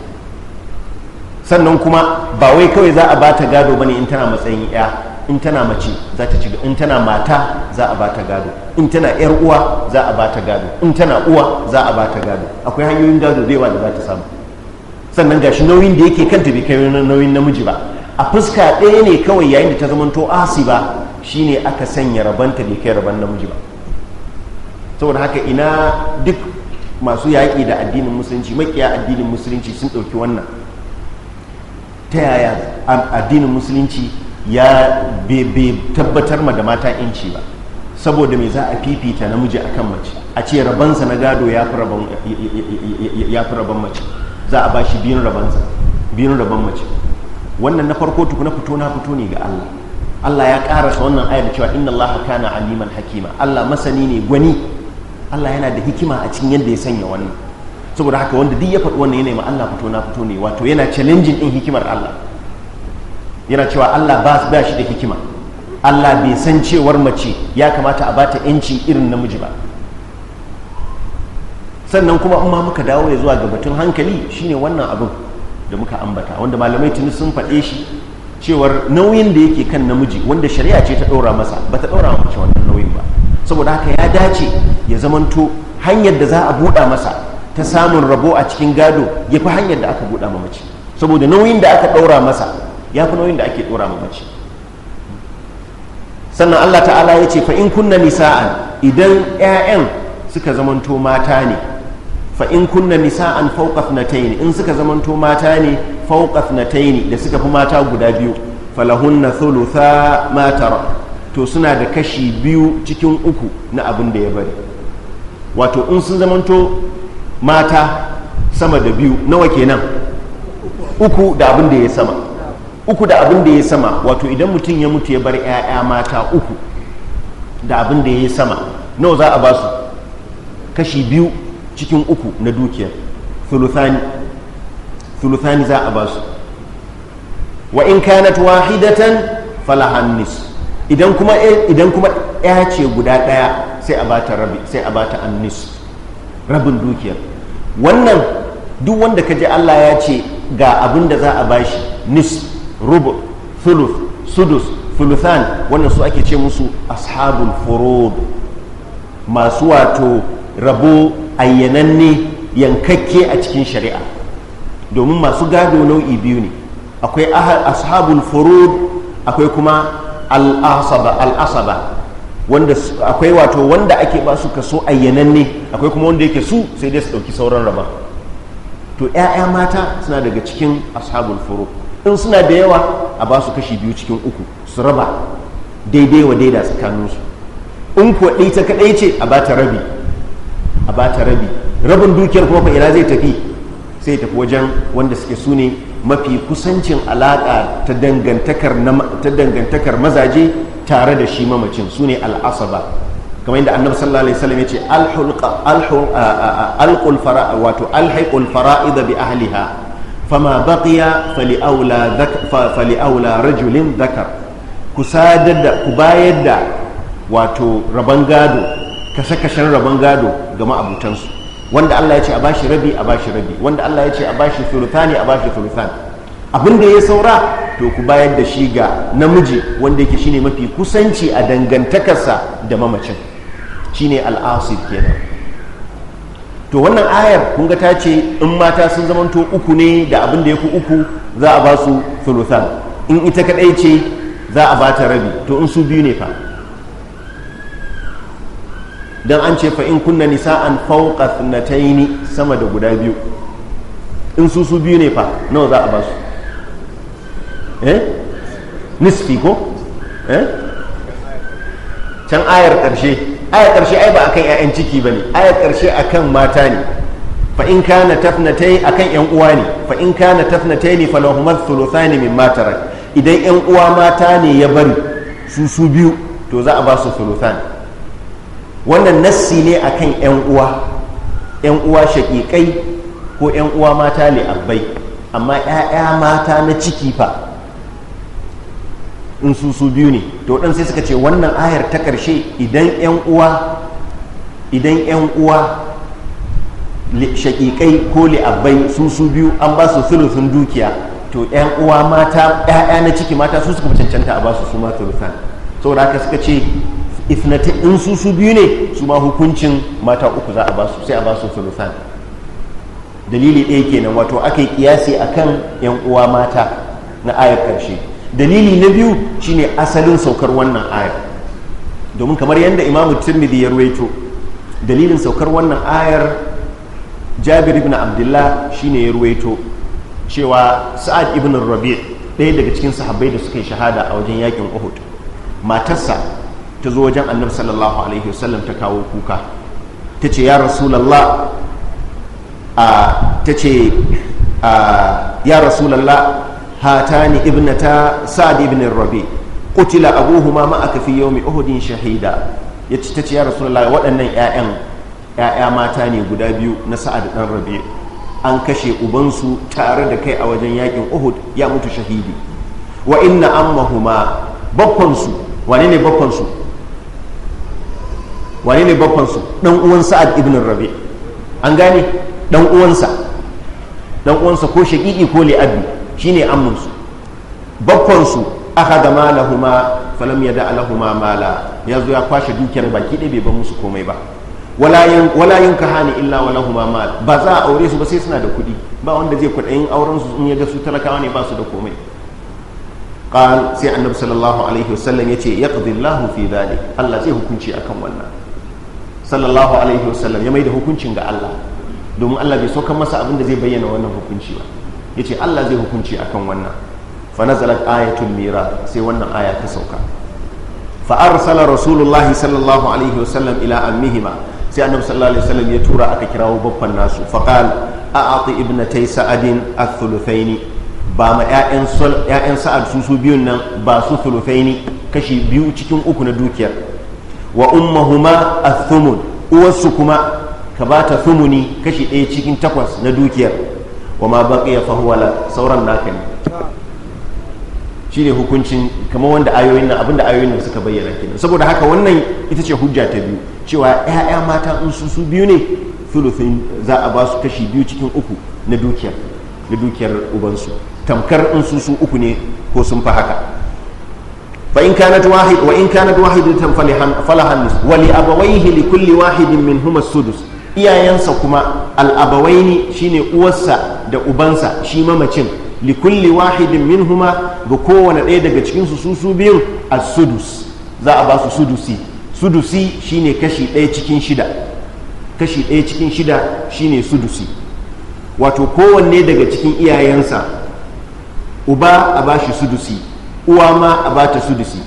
[SPEAKER 1] sannan kuma ba wai kawai za a ba ta gado bane in tana matsayin ya in tana mace za ta ci in tana mata za a ba ta gado in tana yar uwa za a ba ta gado in tana uwa za a ba ta gado akwai hanyoyin gado da yawa da za ta samu sannan gashi nauyin da yake kanta bai kai nauyin namiji ba a fuska ɗaya ne kawai yayin da ta zama zamanto asi ba shine aka sanya rabanta bai kai raban namiji ba saboda haka ina duk masu yaƙi da addinin musulunci makiya addinin musulunci sun ɗauki wannan ta yaya addinin musulunci ya bebe tabbatar ma da mata yanci ba saboda mai za a fifita namiji akan mace a ce rabansa na gado ya fi raban mace za a ba shi biyun rabansa biyun raban mace wannan na farko tuku na fito na fito ne ga Allah Allah ya karasa wannan ayar cewa inna Allah kana aliman hakima Allah masani ne gwani Allah yana da hikima a cikin yadda ya sanya wannan saboda haka wanda duk ya faɗi wannan yana ma Allah fito na fito ne wato yana challenging din hikimar Allah yana cewa Allah ba ba shi da hikima Allah bai san cewar mace ya kamata a bata yanci irin namiji ba sannan kuma in ma muka dawo ya zuwa ga batun hankali shine wannan abin da muka ambata wanda malamai tuni sun faɗe shi cewar nauyin da yake kan namiji wanda shari'a ce ta ɗora masa ba ta ɗora mace wannan nauyin ba saboda haka ya dace ya zamanto hanyar da za a buɗa masa ta samun rabo a cikin gado ya fi hanyar da aka buɗa ma mace saboda nauyin da aka ɗaura masa ya fi nauyin da ake ɗora ma mace sannan allah ta'ala ya ce fa'in kunna nisa'an idan 'ya'yan suka zamanto mata ne fa'in kunna nisa'an fauƙaf na taini in suka zamanto mata ne fauƙaf na taini da suka fi mata guda biyu falahun na tholotha tara to suna da kashi biyu cikin uku na abin da ya bari wato in sun zamanto mata sama da biyu nawa kenan uku da abin da ya sama uku da abin da ya sama wato idan mutum ya mutu ya bar 'ya'ya mata uku da abin da ya sama nawa za a ba su kashi biyu cikin uku na dukiyar thuluthani za a ba su wa in kanat wahidatan falahannis idan kuma eh, idan ya ce guda ɗaya sai a bata rabi sai a bata annis rabin dukiyar wannan duk wanda kaje Allah ya ce ga abin da za a bashi nis rubu thuluth sudus thuluthan wannan su ake ce musu ashabul furud masu wato rabo ayyananne yankakke a cikin shari'a domin masu gado nau'i biyu ne akwai ashabul furud akwai kuma al'asaba wanda akwai wato wanda ake ba su kaso ayyananne akwai kuma wanda yake su sai dai su ɗauki sauran raba to 'ya'ya mata suna daga cikin ashabul furu in suna da yawa a ba su kashi biyu cikin uku su raba daidai wa daida tsakaninsu in kuwa ɗai ta kaɗai ce a ba ta rabi a ba rabi rabin dukiyar kuma fa ina zai tafi sai tafi wajen wanda suke su ne mafi kusancin alaƙa ta dangantakar mazaje tare da shi mamacin su ne al'asaba kamar yadda annabi sallallahu alaihi wasallam yace fara wato alhaqul fara'id bi ahliha fama baqiya fali aula rajulin zakar ku sadar da ku bayar da wato rabon gado kashe-kashen rabon gado ga ma'abutansu wanda Allah ya ce a bashi rabi a bashi rabi wanda Allah ya ce a bashi thuluthani a bashi thuluthan abin da ya saura to ku bayar da shi ga namiji wanda yake shine mafi kusanci a dangantakarsa da mamacin shine al'asir kenan to wannan ayar kun ga ta ce in mata sun zamanto uku ne da abin da ya fi uku za a ba su thuluthan in ita kadai ce za a ba ta rabi to in su biyu ne fa don an ce fa in kunna nisa'an fawqa ni sama da guda biyu in su su biyu ne fa nawa za a ba su eh nisfi ko eh can ayar karshe ayar karshe ai ba kan ƴaƴan ciki ba ne ayar karshe kan mata ne fa in kana tafnatai kan yan uwa ne fa in kana tafnataini falahuma ne min matarai idan yan uwa mata ne ya bari su su biyu to za a ba su thuluthani wannan nassi ne akan yan uwa yan uwa shaƙiƙai ko yan uwa mata li'abbai amma 'ya'ya mata na ciki fa in su su biyu ne to ɗan sai suka ce wannan ayar ta ƙarshe idan yan uwa idan yan uwa shaƙiƙai ko li'abbai su su biyu an ba su sulusun dukiya to yan uwa mata 'ya'ya na ciki mata su suka cancanta a ba su su ma saboda haka suka ce ifnatin in su su biyu ne su ma hukuncin mata uku za a ba su sai a ba su sulusan dalili ɗaya kenan wato aka yi kiyasi kan yan uwa mata na ayar ƙarshe dalili na biyu shine asalin saukar wannan ayar domin kamar yadda imamu tirmidhi ya ruwaito dalilin saukar wannan ayar jabir ibn abdullah shine ya ruwaito cewa sa'ad ibn rabi' ɗaya daga cikin sahabbai da suka yi shahada a wajen yakin uhud matarsa ta zo wajen annabi sallallahu alaihi wasallam ta kawo kuka ta ce ya rasulallah ta ce ya rasulallah hatani ibnata sa'ad ibn rabi qutila abuhuma ma aka fi yawmi uhudin shahida ya ce ta ce ya rasulallah waɗannan ƴaƴan ƴaƴa mata ne guda biyu na sa'ad ɗan rabi an kashe ubansu tare da kai a wajen yakin uhud ya mutu shahidi wa inna ammahuma babban su wane ne babban su wane ne bakwansu dan uwan sa'ad ibn rabi an gane dan uwansa dan uwansa ko shaqiqi ko li'abi shine amminsu babbansu akhadha malahuma falam yada lahuma mala yazo ya kwashe dukiyar baki ɗaya bai ba musu komai ba wala yin kahani illa wa huma mal ba za a aure su ba sai suna da kuɗi ba wanda zai kuɗayin auren su in ya ga su talakawa ne ba su da komai qal sai annabi sallallahu alaihi wasallam yace yaqdi Allahu fi dhalik Allah zai hukunci akan wannan sallallahu alaihi wasallam ya mai da hukuncin ga Allah domin Allah bai so kan masa abin da zai bayyana wannan hukunci ba yace Allah zai hukunci akan wannan fa nazalat ayatul mira sai wannan aya ta sauka fa arsala rasulullah sallallahu alaihi wasallam ila amihima sai annabi sallallahu alaihi wasallam ya tura aka kirawo babban nasu fa qala a'ati ibnatay sa'adin a ba ma 'ya'yan sa'ad su su biyun nan ba su thuluthaini kashi biyu cikin uku na dukiyar wa ummahuma athumun uwarsu kuma ka ba ta thumuni kashi ɗaya cikin takwas na dukiyar wa ma baqiya ya huwa sauran naka ne hukuncin kamar wanda ayoyin nan abinda ayoyin nan suka bayyana kenan saboda haka wannan ita ce hujja ta biyu cewa ya'ya mata in su su biyu ne thuluthin za a ba su kashi biyu cikin uku na dukiyar ubansu tamkar in su su uku ne ko sun fi haka فإن كانت واحد وإن wa in فلها wahidatan ولأبويه لكل واحد منهما السدس إيا ينسى كما الأبوين sudus iyayensa kuma al abawaini shine uwarsa da ubansa shi mamacin li kulli wahidin minhuma ga kowane سدسي daga cikin su biyun a sudusi sudusi shine kashi ɗaya cikin shida wato kowanne daga cikin iyayensa uba a bashi sudusi uwa ma a ba bata sudusi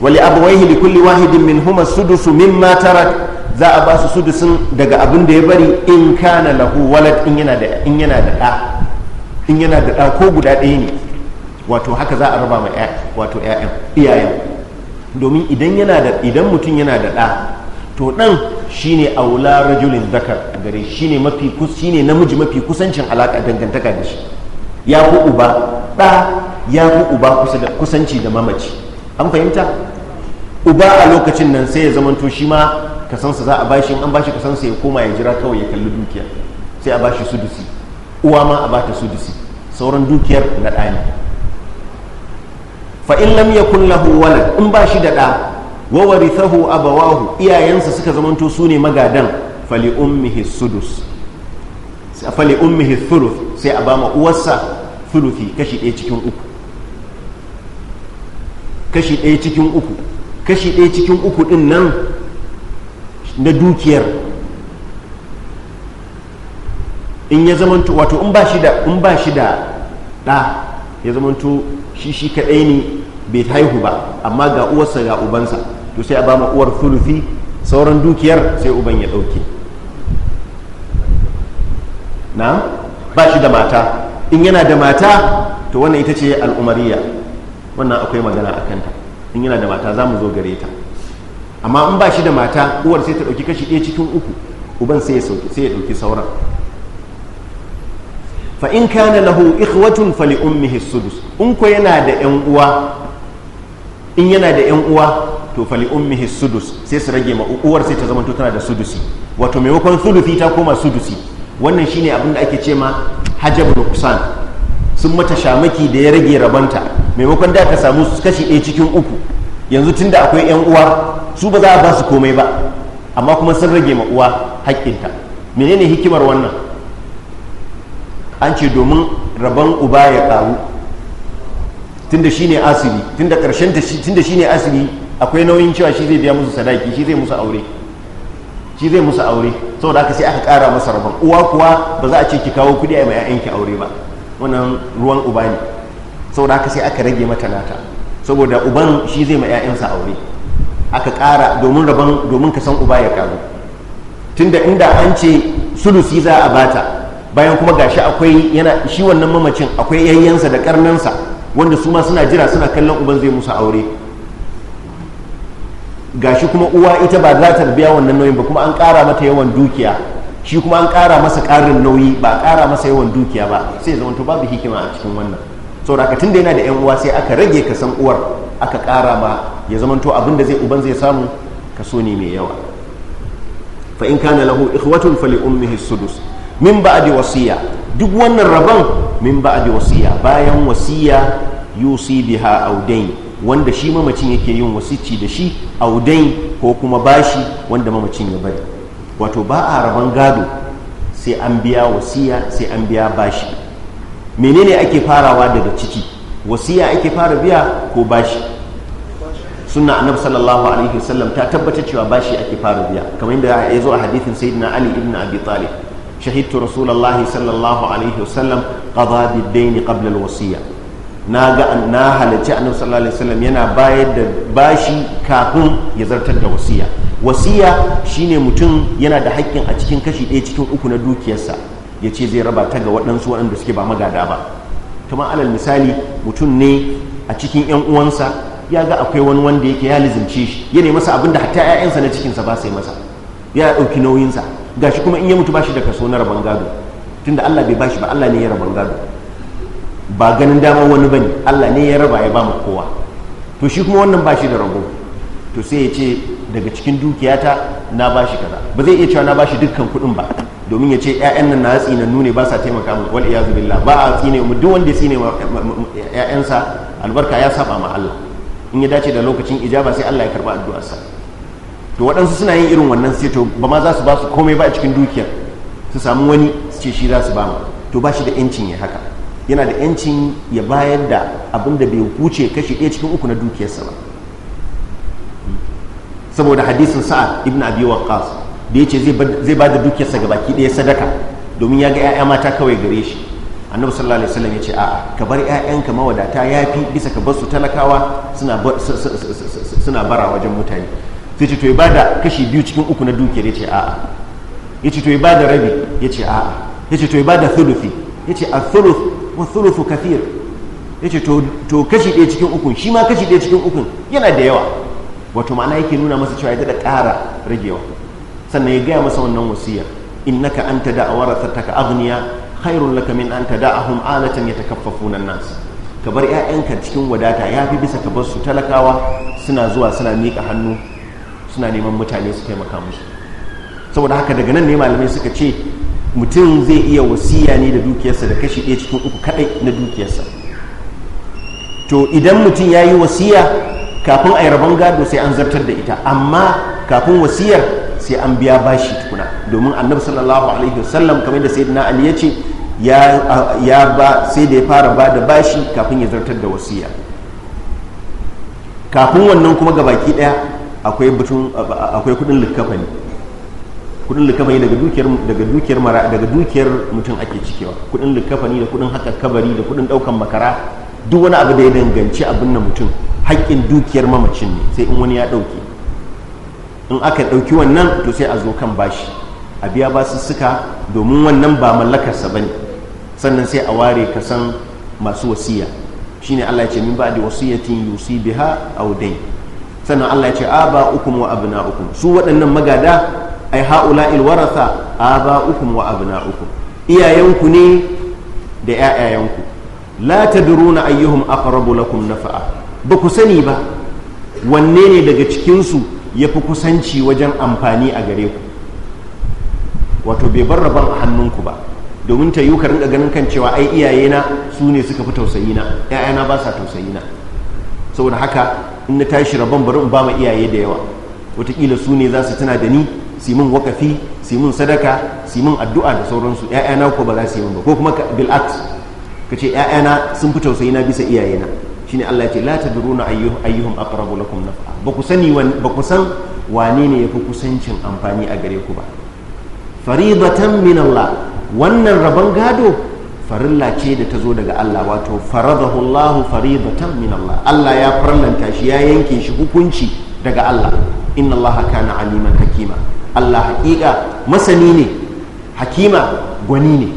[SPEAKER 1] wali abawaihi li kulli wahidin min huma sudusu min matara za a ba su sudusin daga abin da ya bari in kana lahu walad in yana da in in yana da ɗa ko guda ɗaya ne wato haka za a raba ma wato ƴaƴan iyayen domin idan yana da idan mutum yana da ɗa to ɗan shine aula rajulin zakar gare shine mafi namiji mafi kusancin alaka dangantaka da shi ya fi uba ɗa ya fi uba kusanci da mamaci an fahimta uba a lokacin nan sai ya to shi ma kasansa za a bashi an bashi kasansa ya koma ya jira kawai ya kalli dukiya sai a bashi sudusi uwa ma a bata sudusi sauran dukiyar na d'a ne fa in lam yakun lahu walad in ba shi da ɗa wa warithahu abawahu iyayensa suka zamanto su ne magadan fali ummihi sudus fali ummihi thuluth sai a ba ma uwarsa thuluthi kashi ɗaya cikin uku kashi ɗaya cikin uku kashi ɗaya cikin uku ɗin nan na dukiyar in ya zamanto wato in ba shi da in ba shi da ɗa ya zamanto shi shi kaɗai ne bai haihu ba amma ga uwarsa ga ubansa to sai a ba ma uwar thuluthi sauran dukiyar sai uban ya ɗauke na ba shi da mata in yana da mata to wannan ita ce al'umariya wannan akwai magana a kanta in yana da mata za mu zo gare ta amma in ba shi da mata uwar sai ta ɗauki kashi ɗaya cikin uku uban sai ya ɗauki sauran fa in kana lahu ikhwatun fali ummihi sudus in ko yana da yan uwa in yana da yan uwa to fali ummihi sudus sai su rage ma uwar sai ta zama to tana da sudusi wato maimakon sudusi ta koma sudusi wannan shine abin da ake ce ma hajabul kusan sun mata shamaki da ya rage rabanta maimakon da ka samu su kashi ɗaya cikin uku yanzu tun da akwai yan uwa su ba za a ba su komai ba amma kuma sun rage ma uwa haƙƙinta menene hikimar wannan an ce domin rabon uba ya ƙaru shi ne asiri tun da ƙarshen shi ne asiri akwai nauyin cewa shi zai biya musu sadaki shi zai musu aure shi zai musu aure saboda haka sai aka ƙara masa rabon uwa kuwa ba za a ce ki kawo kuɗi a mai 'ya'yanki aure ba wannan ruwan uba ne saboda aka sai aka rage matalata saboda uban shi zai ma 'ya'yansa aure aka ƙara domin rabon domin ka san uba ya karu tunda inda an ce sulusi za a bata bayan kuma gashi akwai yana shi wannan mamacin akwai yayyansa da karnansa wanda su ma suna jira suna kallon uban zai musu aure gashi kuma uwa ita ba za ta biya wannan nauyin ba kuma an ƙara mata yawan dukiya shi kuma an ƙara masa ƙarin nauyi ba ƙara masa yawan dukiya ba sai zama to babu hikima a cikin wannan saboda tun da yana da yan uwa sai aka rage ka san uwar aka kara ma ya zamanto abin da zai uban zai samu ka so ne mai yawa fa in kana lahu ikhwatun fali ummihi sudus min ba'di wasiya duk wannan rabon min ba'di wasiya bayan wasiya yusi biha audain wanda shi mamacin yake yin wasici da shi audain ko kuma bashi wanda mamacin ya bari wato ba a rabon gado sai an biya wasiya sai an biya bashi menene ake farawa daga ciki wasiya ake fara biya ko bashi sunna annabi sallallahu alaihi wasallam ta tabbata cewa bashi ake fara biya kamar yadda ya zo a hadithin sayyidina ali ibn abi talib shahidtu rasulullahi sallallahu alaihi wasallam qada bi dayn qabla alwasiya naga na na halarci annabi sallallahu alaihi wasallam yana bayar da bashi kafin ya zartar da wasiya wasiya shine mutum yana da haƙƙin a cikin kashi ɗaya cikin uku na dukiyarsa ya ce zai raba ta ga waɗansu waɗanda suke ba magada ba kuma alal misali mutum ne a cikin 'yan uwansa ya ga akwai wani wanda yake ya lizimce shi ya ne masa abin da hatta 'ya'yansa na cikinsa ba sai masa ya ɗauki nauyinsa gashi kuma in ya mutu ba shi da kaso na rabon gado tunda Allah bai bashi ba Allah ne ya rabon gado ba ganin dama wani ba ne Allah ne ya raba ya ba mu kowa to shi kuma wannan ba shi da rabo to sai ya ce daga cikin dukiyata na bashi kaza ba zai iya cewa na bashi dukkan kuɗin ba domin ya ce 'ya'yan nan na tsina nune ba sa taimaka mu wal iyazu billah ba a tsine mu duk wanda ya tsine yayansa albarka ya saba ma Allah in ya dace da lokacin ijaba sai Allah ya karba addu'ar sa. to waɗansu suna yin irin wannan sai to ba ma za su ba su komai ba a cikin dukiyar su samu wani su ce shi za su ba mu to ba shi da yancin ya haka yana da yancin ya bayar da abin da bai huce kashi ɗaya cikin uku na dukiyarsa ba saboda hadisin sa'ad ibn abi waqqas da ya ce zai ba da dukiyarsa ga baki ɗaya sadaka domin ya ga 'ya'ya mata kawai gare shi annabi sallallahu alaihi wasallam ya ce a'a ka bar 'ya'yanka mawadata yafi bisa ka bar su talakawa suna bara wajen mutane sai ce to ya bada kashi biyu cikin uku na dukiyar ya ce a'a ya ce to ya bada rabi ya ce a'a ya ce to ya bada thuluthi ya ce a thuluth wa thuluthu kathir ya ce to kashi ɗaya cikin uku shi ma kashi ɗaya cikin uku yana da yawa wato ma'ana yake nuna masa cewa ya da ƙara ragewa sannan ya gaya masa wannan wasiya innaka anta da'a warathataka aghniya khairun laka min an tada'ahum alatan ta an-nas ka bar 'ya'yanka cikin wadata yafi bisa ka bar talakawa suna zuwa suna miƙa hannu suna neman mutane su taimaka musu saboda haka daga nan ne malamai suka ce mutum zai iya wasiya ne da dukiyarsa da kashi ɗaya cikin uku kaɗai na dukiyarsa to idan mutum ya yi wasiya kafin a yi rabon gado sai an zartar da ita amma kafin wasiyar sai an biya bashi tukuna domin annabi sallallahu alaihi wasallam kamar da sayyidina ali ya ce ya ba sai da ya fara ba da bashi kafin ya zartar da wasiya kafin wannan kuma ga baki daya akwai butun akwai kudin likafani kudin likafani daga dukiyar daga dukiyar mara daga dukiyar mutum ake cikewa kudin likafani da kudin haka kabari da kudin daukan makara duk wani abu da ya danganci abin nan mutum haƙƙin dukiyar mamacin ne sai in wani ya dauke in aka ɗauki wannan to sai a zo kan bashi a biya suka domin wannan ba mallakarsa ba ne sannan sai a ware kasan masu wasiya shine Allah ya ce min ba'di wasiyatin yusi biha a wudai sannan Allah ya ce aba ukum wa uku su waɗannan magada ai haula ilwarasa waratha aba ukum wa uku. iyayenku ne da ƴaƴayenku la ta ayyuhun ayyuhum aqrabu lakum nafa'a ba ku sani ba wanne ne daga cikinsu. ya fi kusanci wajen amfani a gare ku wato bai bar rabon a hannunku ba domin ta yi ka rinka ganin kan cewa ai iyayena su ne suka fi tausayi na ‘ya'yana ba sa na saboda haka in na tashi rabon bari in ba ma iyaye da yawa wataƙila su ne za su tuna da ni su min wakafi su min sadaka su min addu'a da sauransu ‘ya'yana ko ba za su yi min ba ko kuma bil'at ka ce ‘ya'yana sun fi tausayi na bisa iyaye na. shine Allah ya ce la tadruna ayyuhum aqrabu lakum naf'a ba ku sani ba ku san wane ne yafi kusancin amfani a gare ku ba faridatan min Allah wannan rabon gado farilla ce da ta zo daga Allah wato faradahu Allah faridatan min Allah Allah ya farlanta shi ya yanke shi hukunci daga Allah inna Allah kana aliman hakima Allah hakika masani ne hakima gwani ne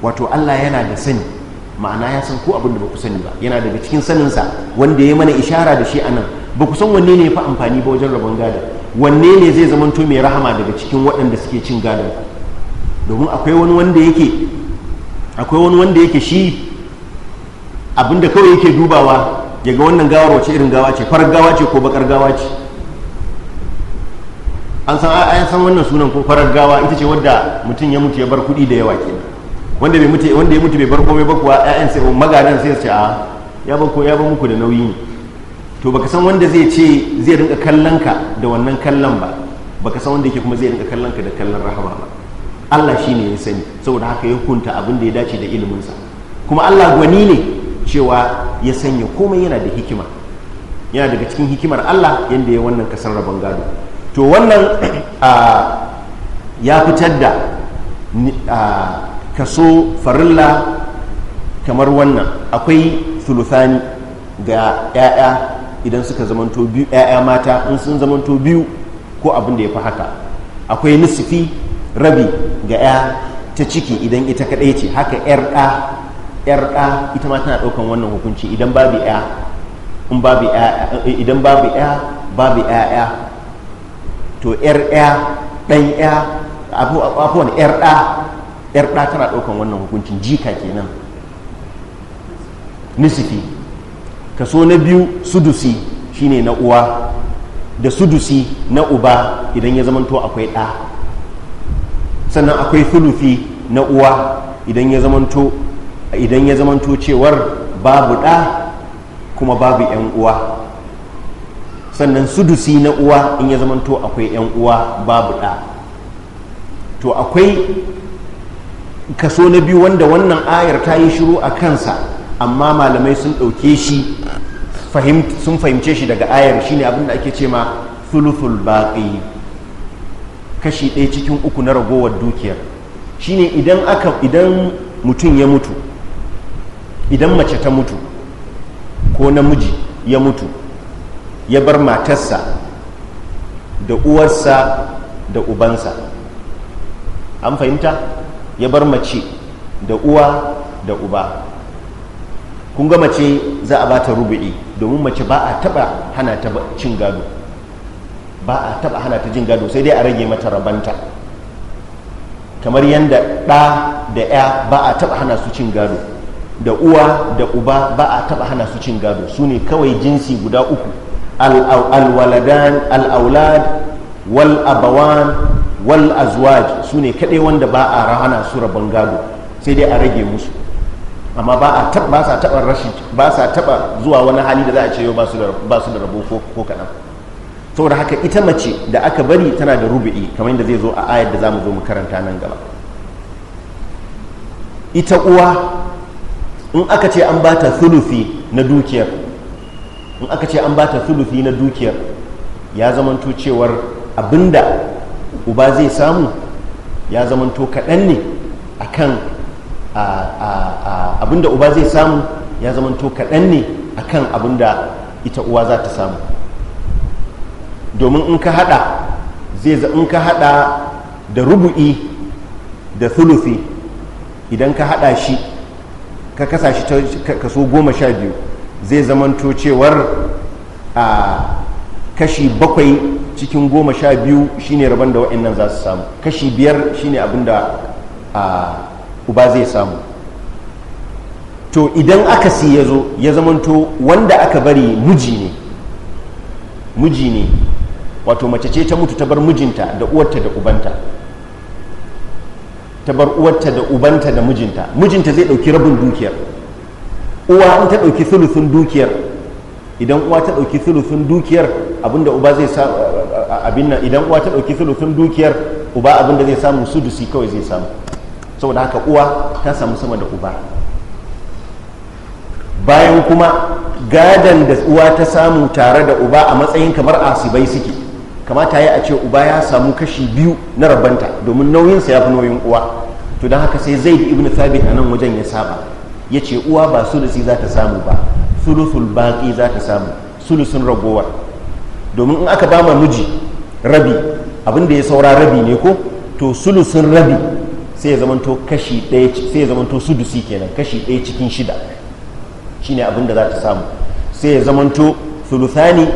[SPEAKER 1] wato Allah yana da sani ma'ana ya san ko abin da ba ku sani ba yana daga cikin saninsa wanda ya mana ishara da shi a nan ba ku san wanne ne ya fi amfani ba wajen rabon gado wanne ne zai to mai rahama daga cikin waɗanda suke cin gadon domin akwai wani wanda yake akwai wani wanda yake shi abinda kawai yake dubawa ya ga wannan gawar wace irin gawa ce farar gawa ce ko bakar gawa ce an san an san wannan sunan ko farar gawa ita ce wadda mutum ya mutu ya bar kuɗi da yawa kenan wanda bai mutu wanda ya mutu bai bar komai ba kuwa ƴaƴan sai magadan sai su ce a ya ba ko ya ba muku da nauyi ne to baka san wanda zai ce zai rinka kallon ka da wannan kallon ba baka san wanda yake kuma zai rinka kallon ka da kallon rahama ba Allah shine ya sani saboda haka ya hukunta abin da ya dace da ilimin sa kuma Allah gwani ne cewa ya sanya komai yana da hikima yana daga cikin hikimar Allah yanda ya wannan kasar rabon gado to wannan ya fitar da kaso farilla kamar wannan akwai thuluthani ga 'ya'ya idan suka zamanto biyu 'ya'ya mata in sun zamanto biyu ko abin da ya fi haka akwai nisifi rabi ga 'ya ta ciki idan ita kaɗai ce haka 'yar ɗa ɗa ita ma tana ɗaukan wannan hukunci idan babu ya in babu ya idan babu ya babu 'ya'ya to yar ya ɗan ya abubuwan yar ɗa yar ɗa tana ɗaukan wannan hukuncin jika kenan nisifi kaso na biyu sudusi shine na uwa da sudusi na uba idan ya zamanto akwai ɗa sannan akwai thulufi na uwa idan ya zamanto idan ya zamanto cewar babu ɗa kuma babu 'yan uwa sannan sudusi na uwa in ya zamanto akwai 'yan uwa babu ɗa to akwai kaso na biyu wanda wannan ayar ta yi shiru a kansa amma malamai sun ɗauke shi sun fahimce shi daga ayar shine abin da ake ce ma thuluthul baƙi kashi ɗaya cikin uku na ragowar dukiyar shi ne idan mutum ya mutu idan mace ta mutu ko namiji ya mutu ya bar matarsa da uwarsa da ubansa an fahimta ya bar mace da uwa da uba kun ga mace za a bata rubu'i domin mace ba a taba hana ta cin gado ba a taba hana ta jin gado sai dai a rage mata rabanta kamar yadda ɗa da ya ba a taba hana su cin gado da uwa da uba ba a taba hana su cin gado su ne kawai jinsi guda uku al'auladan al'aulad wal abawan wal azwaj su ne kaɗai wanda ba a rahana su rabon gado sai dai a rage musu amma ba a ba sa taɓa rashi ba sa taɓa zuwa wani hali da za a ce yau ba su da rabo ko kaɗan saboda haka ita mace da aka bari tana da rubu'i kamar yadda zai zo a ayar da za mu zo mu karanta nan gaba ita uwa in aka ce an bata thuluthi na dukiyar in aka ce an bata thuluthi na dukiyar ya zamanto cewar abinda uba zai samu ya zamanto kaɗan ne a kan abinda uba zai samu ya zamanto kaɗan ne a kan abinda ita uwa za ta samu domin in ka haɗa zai in ka haɗa da rubu'i da thuluthi idan ka haɗa shi ka kasa shi kaso goma sha biyu zai zamanto cewar a kashi bakwai cikin goma sha biyu shine rabon da wa'annan za su samu kashi biyar shine abin da uba zai samu to idan aka si ya zo ya zamanto wanda aka bari muji ne muji ne wato mace ce ta mutu ta bar mijinta da uwarta da ubanta ta bar uwarta da ubanta da mijinta mijinta zai ɗauki rabin dukiyar uwa in ta ɗauki sulusun dukiyar idan uwa ta dauki sulusun dukiyar abinda uba zai abin nan idan uwa ta ɗauki sulufin dukiyar uba abin da zai samu sudusi kawai zai samu saboda haka uwa ta samu sama da uba bayan kuma gadon da uwa ta samu tare da uba a matsayin kamar asibai suke kamata ya a ce uba ya samu kashi biyu na rabanta domin nauyinsa ya fi nauyin uwa to don haka sai zai ibn thabit a nan wajen ya saba ya ce uwa ba sulusi za ta samu ba sulusul baƙi za ta samu sulusun ragowar domin in aka ba miji rabi abin da ya saura rabi ne ko to sulusun rabi sai ya zamanto kashi ɗaya sai ya zamanto sudusi kenan kashi ɗaya cikin shida shine abin da za ta samu sai ya zamanto sulusani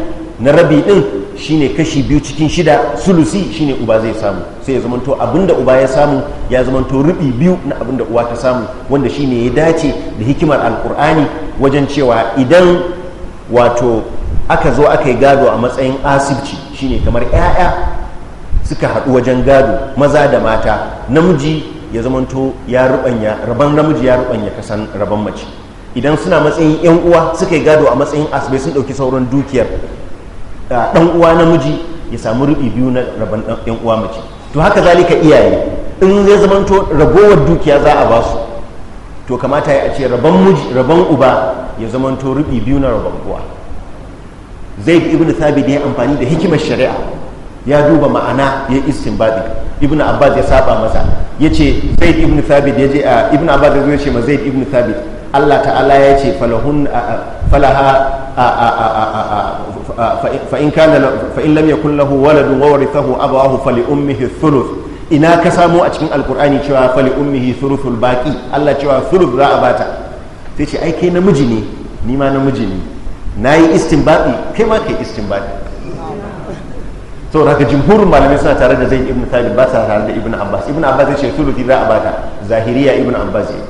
[SPEAKER 1] na rabi ɗin shine kashi biyu cikin shida sulusi shine uba zai samu sai ya zamanto abinda uba ya samu ya zamanto rubi biyu na abinda uwa ta samu wanda shine ya dace da hikimar alkur'ani wajen cewa idan wato aka zo aka yi gado a matsayin asibci shine kamar 'ya'ya suka haɗu wajen gado maza da mata namiji ya zamanto ya rubanya rabon namiji ya rubanya kasan rabon mace idan suna matsayin 'yan uwa suka yi gado a matsayin asibai sun ɗauki sauran dukiyar ɗan uwa namiji ya samu rubi biyu na rabon 'yan uwa mace to haka zalika iyaye in zai zamanto ragowar dukiya za a ba su to kamata ya ce rabon uba ya zamanto rubi biyu na rabon uwa zaid ibn thabit ya amfani da hikimar shari'a ya duba ma'ana ya istinbadi ibn abbas ya saba masa ya ce ibn thabit ya je a ibn abbas da zo ce ma zaid ibn thabit allah ta'ala ya ce falahun falaha fa in kana fa in lam yakun lahu waladun wa warithahu fali ummihi thuluth ina ka samo a cikin alkur'ani cewa fali ummihi thuluthul baqi allah cewa thuluth za a bata sai ce ai kai namiji ne ni ma namiji ne na yi istinbaɗi kai ma ka yi istinbaɗi to daga jimhurin malamai suna tare da zai ibn talib ba sa tare da ibn abbas ibn abbas zai ce suluki za a bata zahiriya ibn abbas ya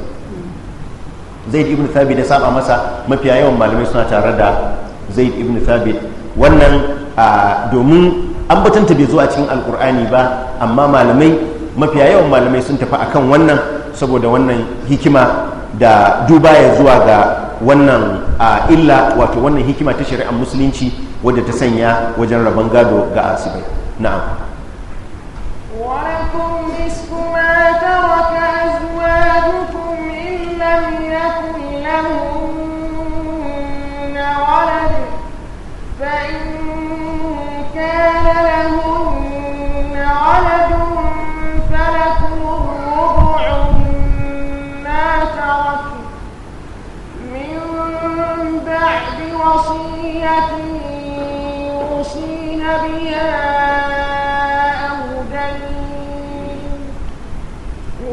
[SPEAKER 1] zaid ibn thabit ya saba masa mafiya yawan malamai suna tare da zaid ibn thabit wannan domin an batanta bai zuwa cikin alkur'ani ba amma malamai mafiya yawan malamai sun tafi akan wannan saboda wannan hikima da duba ya zuwa ga wannan illa wato wannan hikima ta shari'ar musulunci wadda ta sanya wajen rabon gado ga asibai na'am
[SPEAKER 2] وصية يوصين بها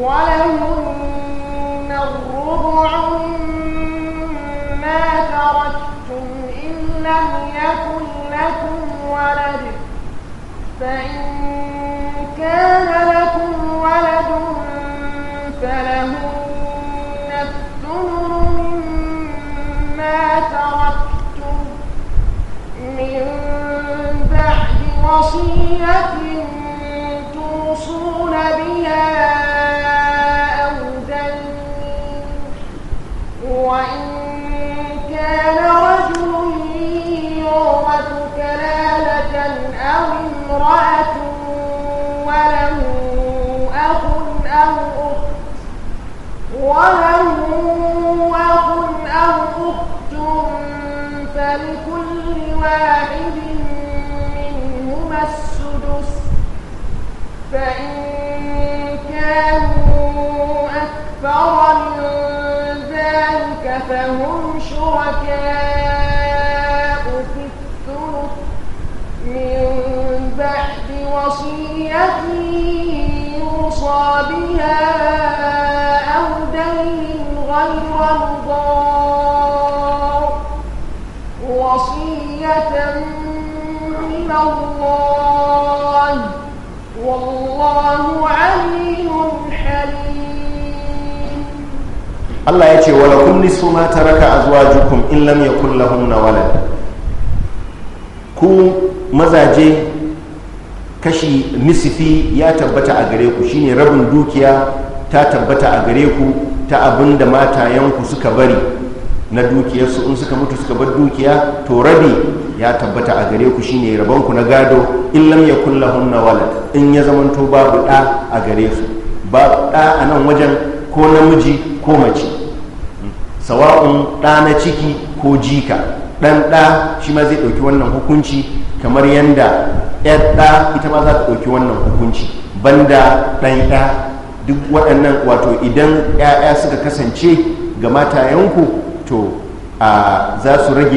[SPEAKER 2] ولهن الربع ما تركتم إن لم يكن لكم ولد فإن كان لكم ولد فلهن الثمر مما تركتم وصية توصون بها أو دين وإن كان رجل يورث كلالة أو امرأة وله
[SPEAKER 1] Allah ya ce wala kun nisu ma taraka azwajukum in lam yakul lahum walad ku mazaje kashi nisifi ya tabbata a gare ku shine rabin dukiya ta tabbata a gare ku ta abinda da matayenku suka bari na dukiyarsu in suka mutu suka bar dukiya to rabi ya tabbata a gare ku shine ku na gado in lam yakul lahum walad in ya zamanto babu ɗa a gare su babu ɗa a nan wajen ko namiji ko mace sawa'un ɗa na ciki ko jika ɗan ɗa shi ma zai ɗauki wannan hukunci kamar yadda 'yar ɗa ita ma za ta ɗauki wannan hukunci banda ɗan ɗa duk waɗannan wato idan 'ya'ya suka kasance ga matayenku to a za su rage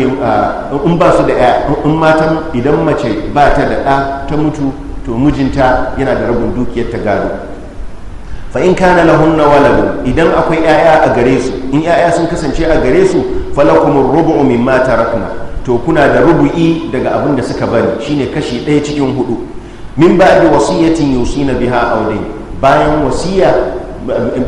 [SPEAKER 1] in ba su da in matan idan mace ba ta da ɗa ta mutu to mijinta yana da rabin dukiyar ta gado fa in kana lahunna waladu idan akwai yaya a gare su in yaya sun kasance a gare su falakumur rubu'u mata rakuna to kuna da rubu'i daga abin da suka bari shine kashi ɗaya cikin hudu min ba'di wasiyatin yusina biha na dayn a wasiya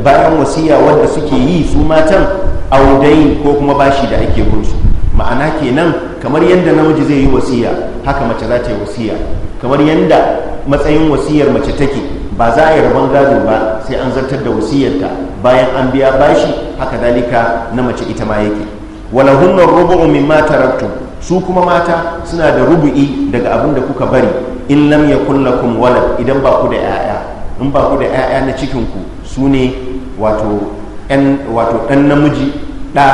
[SPEAKER 1] bayan wasiya wanda suke yi su matan wadai ko kuma bashi da ake gunsu ma'ana ma'ana kenan kamar yadda namiji zai yi wasiya haka mace za ta yi wasiya kamar yadda matsayin wasiyar mace take ba za a yi rabon gado ba sai an zartar da wasiyarta bayan an biya bashi haka dalika na mace ita ma yake walahunnar rubu'u mimma taraktu su kuma mata suna da rubu'i daga abin da kuka bari in lam kulla lakum walad idan ba ku da 'ya'ya in ba ku da 'ya'ya na cikin ku su ne wato ɗan namiji ɗa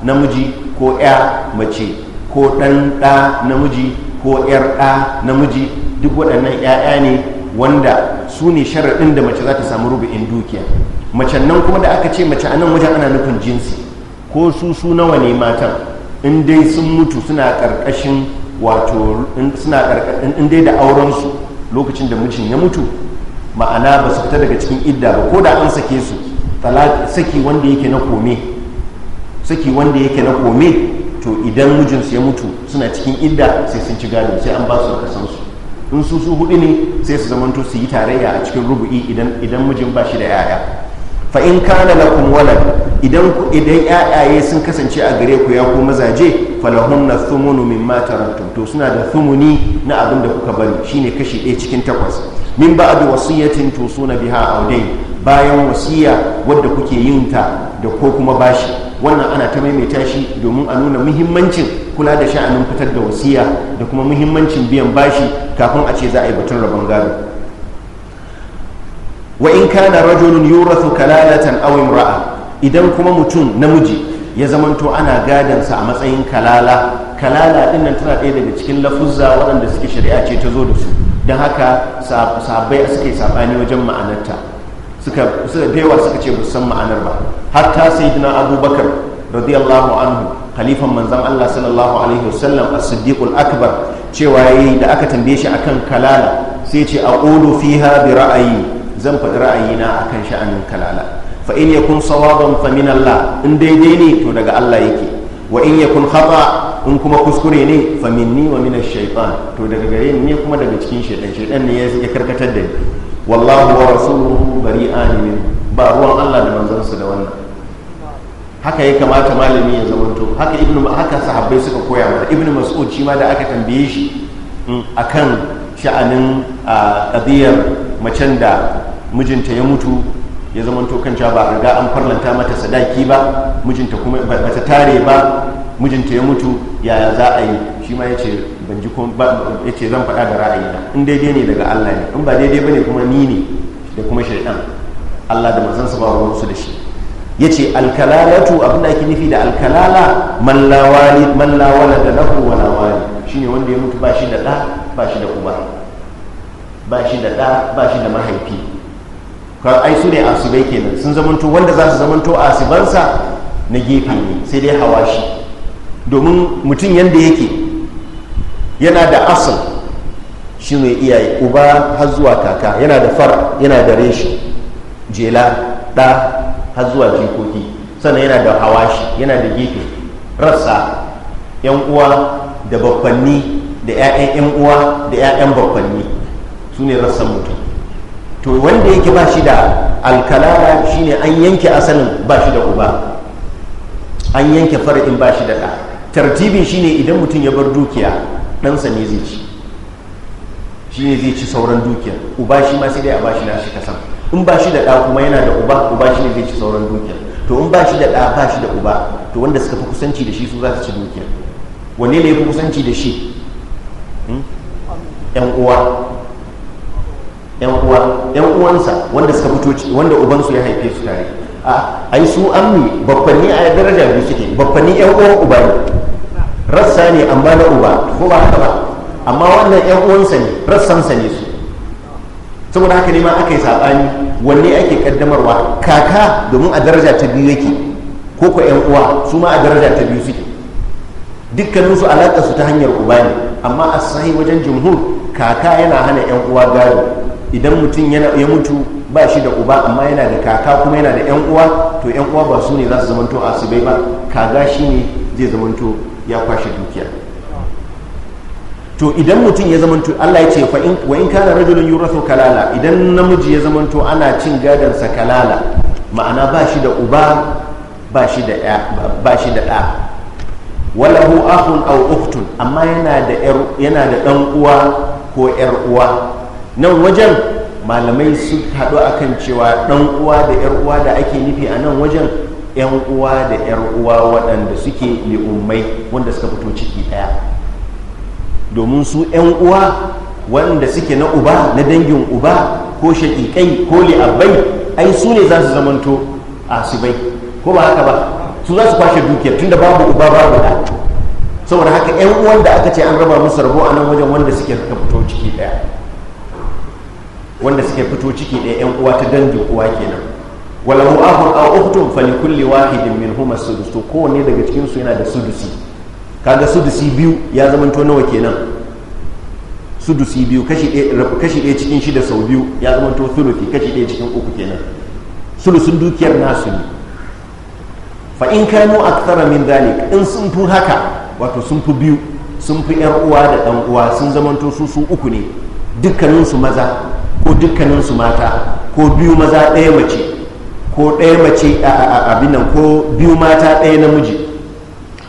[SPEAKER 1] namiji ko 'ya mace ko ɗan ɗa namiji ko 'yar ɗa namiji duk waɗannan 'ya'ya ne wanda su ne sharaɗin da mace za ta samu rubu'in dukiya mace nan kuma da aka ce mace a nan wajen ana nufin jinsi ko su su nawa ne matan in dai sun mutu suna ƙarƙashin wato suna in dai da aurensu lokacin da mijin ya mutu ma'ana ba su fita daga cikin idda ba ko da an sake su saki wanda yake na kome saki wanda yake na kome to idan mijinsu ya mutu suna cikin idda sai sun ci gado sai an ba su kasansu in su su hudu ne sai su zamanto su yi tarayya a cikin rubu'i idan mijin ba shi da yaya fa in kana lakum wala idan idan yayaye sun kasance a gare ku ya ku mazaje na thumunu mimma taraktum to suna da thumuni na abin da kuka bari shine kashi ɗaya cikin takwas min ba ba'di wasiyatin suna biha audain bayan wasiya wadda kuke yin ta da ko kuma bashi wannan ana ta maimaita shi domin a nuna muhimmancin kula da sha'anin fitar da wasiya da kuma muhimmancin biyan bashi kafin a ce za a yi batun rabon gado wa in kana rajulun yurathu kalalatan aw imra'a idan kuma mutum namiji ya zamanto ana gadansa a matsayin kalala kalala din nan tana ɗaya daga cikin lafuzza waɗanda suke shari'a ce ta zo da su don haka sahabbai suke saɓani wajen ma'anarta suka bewa suka ce ba san ma'anar ba hatta sayyidina abubakar radiyallahu anhu khalifan manzon Allah sallallahu alaihi wasallam as al akbar cewa yayi da aka tambaye shi akan kalala sai ce aqulu fiha bi ra'ayi zan faɗi na akan sha'anin kalala fa in yakun sawaban fa min Allah in daidai ne to daga Allah yake wa in yakun khata in kuma kuskure ne fa minni wa min ash-shaytan to daga gare ni kuma daga cikin shaytan shaytan ne ya karkatar da ni wallahu wa rasuluhu bari'an min ba ruwan Allah da manzansa da wannan haka ya kamata malami ya zamanto haka ibnu haka sahabbai suka koya mana ibnu mas'ud shi ma da aka tambaye shi akan sha'anin qadiyar macen da mijinta ya mutu ya zamanto kan ba riga an farlanta mata sadaki ba mijinta kuma bata tare ba mijinta ya mutu yaya za a yi shi ma yace ban ji kuma yace zan faɗa da na in daidai ne daga Allah ne in ba daidai bane kuma ni ne da kuma shaytan Allah da manzon sa ba ruwan su da shi yace alkalalatu abin da ake nufi da alkalala man la walid man la walada lahu wa la walid shine wanda ya mutu ba shi da da ba shi da uba ba shi da da ba shi da mahaifi ko ai su ne asibai kenan sun zamanto wanda za su zamanto asibansa na gefe ne sai dai hawa shi domin mutum yadda yake yana da asal shi ne iyaye uba har zuwa kaka yana da fara yana da reshi jela ɗa har zuwa jikoki sannan yana da hawashi yana da gefe rassa yan uwa da bakwanni da 'ya'yan yan uwa da 'ya'yan bakwanni su ne rassan mutum to wanda yake ba shi da alkalala shine an yanke asalin ba shi da uba an yanke fara'in ba shi da ɗa tartibin shine idan mutum ya bar dukiya ɗansa ne zai ci shi ne zai ci sauran dukiyar uba shi ma sai dai a bashi nashi kasan in ba shi da ɗa kuma yana da uba uba shi ne zai ci sauran dukiyar to in ba shi da ɗa ba shi da uba to wanda suka fi kusanci da shi su za su ci dukiyar wanne ne ya fi kusanci da shi hmm? yan uwa yan uwa yan uwansa wanda suka fito wanda ubansu ya haife su tare a ai su ammi babbanni a daraja biyu suke babbanni yan uwan uba ne rassa ne amma na uba ko ba haka ba amma wannan yan uwansa ne rassansa ne su saboda haka ne ma aka yi saɓani wanne ake kaddamarwa kaka domin a daraja ta biyu yake ko ko yan uwa su ma a daraja ta biyu suke dukkaninsu alaƙa su ta hanyar uba ne amma a sahi wajen jumhur kaka yana hana yan uwa gado idan mutum ya mutu ba shi da uba amma yana da kaka kuma yana da yan uwa to yan uwa ba su ne za su zamanto asibai ba kaga shi ne zai zamanto ya kwashe dukiya to idan mutum ya zamanto Allah ya ce fa in wa in kana rajulun yurathu kalala idan namiji ya zamanto ana cin gadon sa kalala ma'ana ba shi da uba ba shi da ɗa. ba shi da da walahu akhun aw ukhtun amma yana da ɗan uwa ko yar uwa nan wajen malamai su haɗu akan cewa ɗan uwa da yar uwa da ake nufi a nan wajen 'yan uwa da 'yar uwa waɗanda suke li'ummai wanda suka fito ciki ɗaya domin su 'yan uwa wanda suke na uba na dangin uba ko shaƙiƙai ko li'abbai ai su ne za su zamanto asibai ko ba haka ba su za su kwashe dukiyar tunda babu uba babu da saboda haka 'yan uwan da aka ce an raba musu rabo a nan wajen wanda suke fito ciki ɗaya wanda suke fito ciki ɗaya 'yan uwa ta dangin uwa kenan walahu ahun aw ukhtun kulli wahidin minhuma sudus to ne daga cikin su yana da sudusi kaga sudusi biyu ya to nawa kenan sudusi biyu kashi ɗaya kashi ɗaya cikin shida sau biyu ya to thuluthi kashi ɗaya cikin uku kenan sulusun dukiyar nasu ne fa in kanu akthara min dhalik in sun fi haka wato sun fi biyu sun fi yar uwa da dan uwa sun to su su uku ne dukkaninsu maza ko dukkaninsu mata ko biyu maza ɗaya mace ko ɗaya mace a abin nan ko biyu mata ɗaya namiji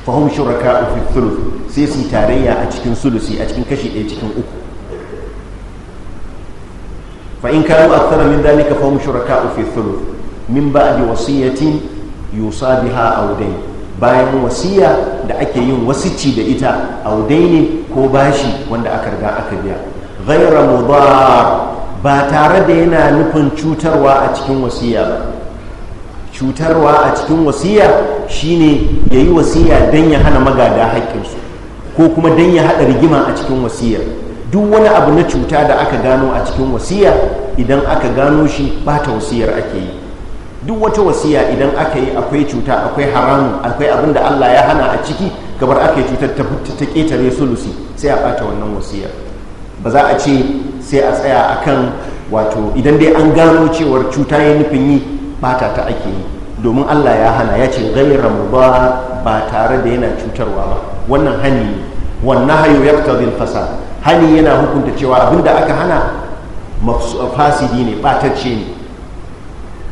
[SPEAKER 1] fahim shuraka a thuluth sai su tarayya a cikin sulusi a cikin kashi ɗaya cikin uku fa in kanu akthara min dalika fahim shuraka a thuluth min yi wasiyatin yusa biha a wudai, bayan wasiya da ake yin wasu ci da ita wudai ne ko bashi wanda aka riga aka biya ghayra mudar ba tare da yana nufin cutarwa a cikin wasiya ba cutarwa a cikin wasiya shine ya yi wasiya don ya hana magada haƙƙinsu ko kuma don ya haɗa rigima a cikin wasiya duk wani abu na cuta da aka gano a cikin wasiya idan aka gano shi bata wasiyar ake yi duk wata wasiya idan aka yi akwai cuta akwai haramu akwai abin da allah ya hana a ciki gabar aka yi cutar ta ƙetare sulusi sai a bata wannan wasiya ba za a ce sai a tsaya akan wato idan dai an gano cewar cuta ya nufin yi bata ta ake yi domin Allah ya hana ya ce gaira mu ba tare da yana cutarwa ba wannan hani ne wannan hayo ya fita fasa hani yana hukunta cewa abinda aka hana fasidi ne ɓatacce ne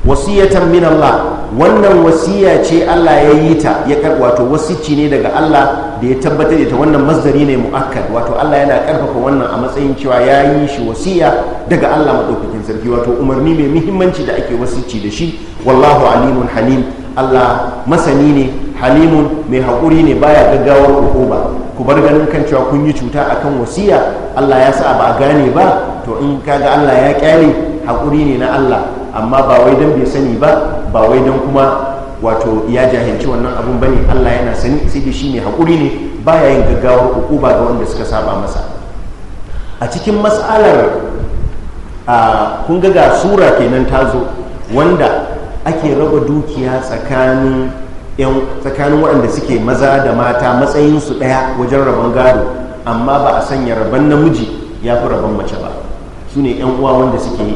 [SPEAKER 1] wasu wasiyatan min Allah wannan wasiya ce Allah ya yi ta ya kar wato wasicci ne daga Allah da ya tabbatar da ta wannan mazari ne mu'akkad wato Allah yana karfafa wannan a matsayin cewa ya yi shi wasiya daga Allah madaukakin sarki wato umarni mai muhimmanci da ake wasicci da shi wallahu alimun halim Allah masani ne halimun mai haƙuri ne baya gaggawar ukuba ku bar ganin kan cewa kun yi cuta akan wasiya Allah ya sa ba gane ba to in kaga Allah ya kyale haƙuri ne na Allah amma ba wai dan bai sani ba ba wai don kuma wato ya jahilci wannan abun bane Allah yana sani sai da shi mai haƙuri ne baya yin gaggawar hukuma ga wanda suka saba masa a cikin mas'alar a kun ga ga sura kenan ta zo wanda ake raba dukiya tsakanin tsakanin waɗanda suke maza da mata matsayin su ɗaya wajen rabon gado amma ba a sanya raban namiji ya fi rabon mace ba su ne 'yan uwa wanda suke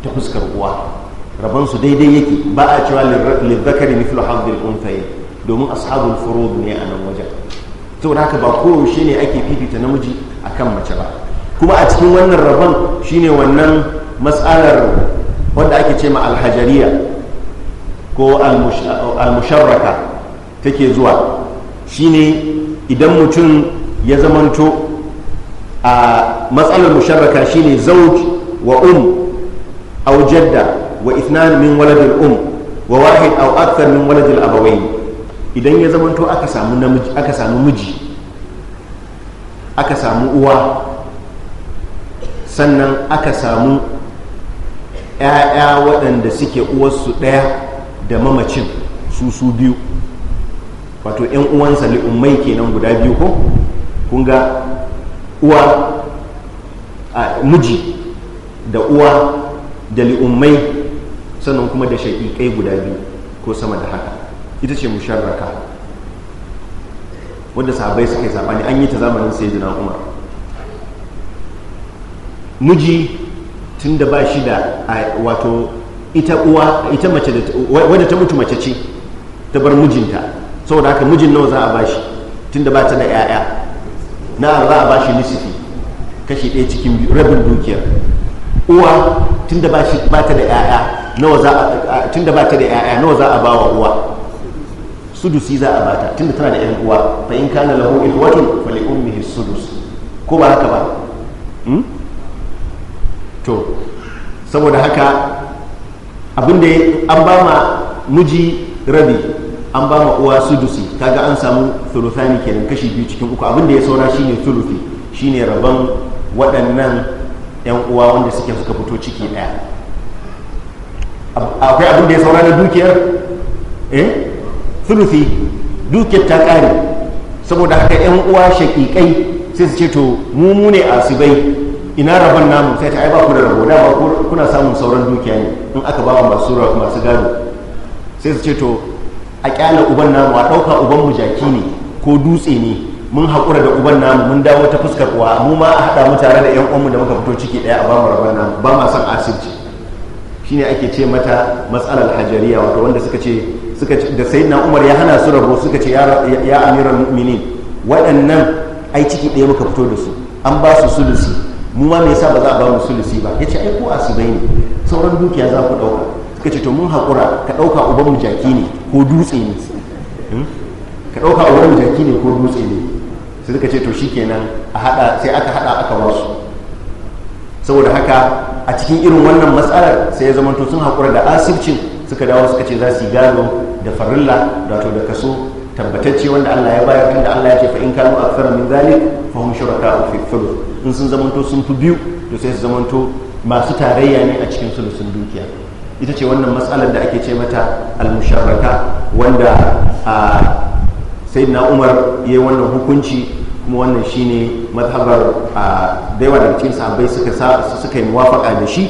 [SPEAKER 1] ta fuskar uwa rabansu daidai yake ba a cewa lizzakari mithlu hadhil unthayi domin ashabul furud ne a nan wajen to haka ba koyaushe ne ake fifita namiji akan mace ba kuma a cikin wannan rabon shine wannan matsalar wanda ake ce ma alhajariya ko almusharraka take zuwa shine idan mutum ya zamanto a matsalar musharraka shine zauj wa um aujadda wa ithnan min waladil um wa wahid aw akthar min waladil abawayn idan ya zamanto aka samu namiji aka samu miji aka samu uwa sannan aka samu ‘ya'ya waɗanda suke uwarsu ɗaya da mamacin su su biyu wato ‘yan uwansa li'ummai kenan guda biyu ko kun ga uwa a miji da uwa da li'ummai sannan kuma da shaƙiƙai guda biyu ko sama da haka ita ce musharraka wanda sahabai suka yi saɓani an yi ta zamanin sayyidina umar miji tun da ba shi da wato ita uwa ita mace da wadda ta mutu mace ce ta bar mijinta saboda haka mijin nawa za a bashi tun da ba ta da 'ya'ya na za a bashi nisifi kashi ɗaya cikin rabin dukiyar uwa tun da ba ta da 'ya'ya nawa za a tunda ba ta da yaya nawa za a ba wa uwa sudusi za a bata tunda tana da yan uwa fa in kana lahu ihwatun fa li ummihi sudus ko ba haka ba hmm? to saboda haka abinda an ba ma miji rabi an ba ma uwa sudusi kaga an samu thuluthani kenan kashi biyu cikin uku abinda ya saura shine thuluthi shine rabon waɗannan yan uwa wanda suke suka fito ciki ɗaya akwai abin da ya saura na dukiyar eh dukiyar ta kare saboda haka yan uwa shakikai sai su ce to mu mu ne asibai ina rabon namu sai ta ai ku da rabo dama kuna samun sauran dukiya ne in aka ba masu masu gado sai su ce to a kyala uban namu a ɗauka uban mu jaki ne ko dutse ne mun haƙura da uban namu mun dawo ta fuskar uwa mu ma a haɗa mu tare da 'yan uwanmu da muka fito ciki ɗaya a ba rabon namu ba ma son asibiti. shine ake ce mata matsalar hajariya wato wanda suka ce suka da sayyidina umar ya hana su rabo suka ce ya amiran mu'minin waɗannan ai ciki ɗaya muka fito da su an ba su sulusi mu ma me yasa ba za a ba mu sulusi ba yace ai ko asibai ne sauran dukiya za ku ɗauka suka ce to mun haƙura ka ɗauka ubanmu jaki ne ko dutse ne hmm? ka ɗauka ubanmu jaki ne ko dutse ne sai suka ce to shikenan a haɗa sai aka haɗa aka wasu saboda haka a cikin irin wannan matsalar sai ya zamanto sun haƙura da asibcin suka dawo suka ce za su yi gano da farilla wato da kaso tabbatacce wanda Allah ya bayar tunda Allah ya ce fa in kanu akthara min zalik fa hum shuraka fi thuluth in sun zamanto sun fi biyu to sai su zamanto masu tarayya ne a cikin sulusun dukiya ita ce wannan matsalar da ake ce mata al musharaka wanda a ah, sayyidina Umar yayi wannan hukunci kuma wannan shi ne mazhabar da yawa daga cikin sahabbai suka yi muwafaka da shi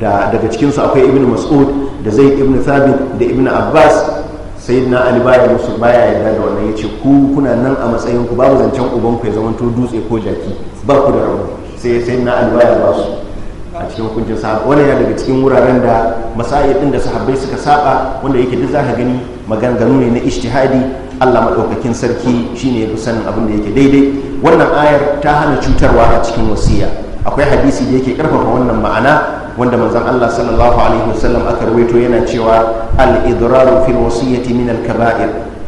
[SPEAKER 1] da daga cikinsu akwai ibnu mas'ud da zai ibn thabit da ibnu abbas sai na baya musu baya yadda da wannan ce ku kuna nan a matsayin ku babu zancen uban ku ya zama to dutse ko jaki ba ku da rauni sai sai na baya ba su a cikin hukuncin sahabbai wani ya daga cikin wuraren da masayi din da sahabbai suka saba wanda yake duk zaka gani maganganu ne na ishtihadi Allah maɗaukakin sarki shine ya fi sanin abin da yake daidai wannan ayar ta hana cutarwa a cikin wasiya akwai hadisi da yake ƙarfafa wannan ma'ana wanda manzon Allah sallallahu alaihi wasallam aka rawaito yana cewa al-idraru fil wasiyyati min al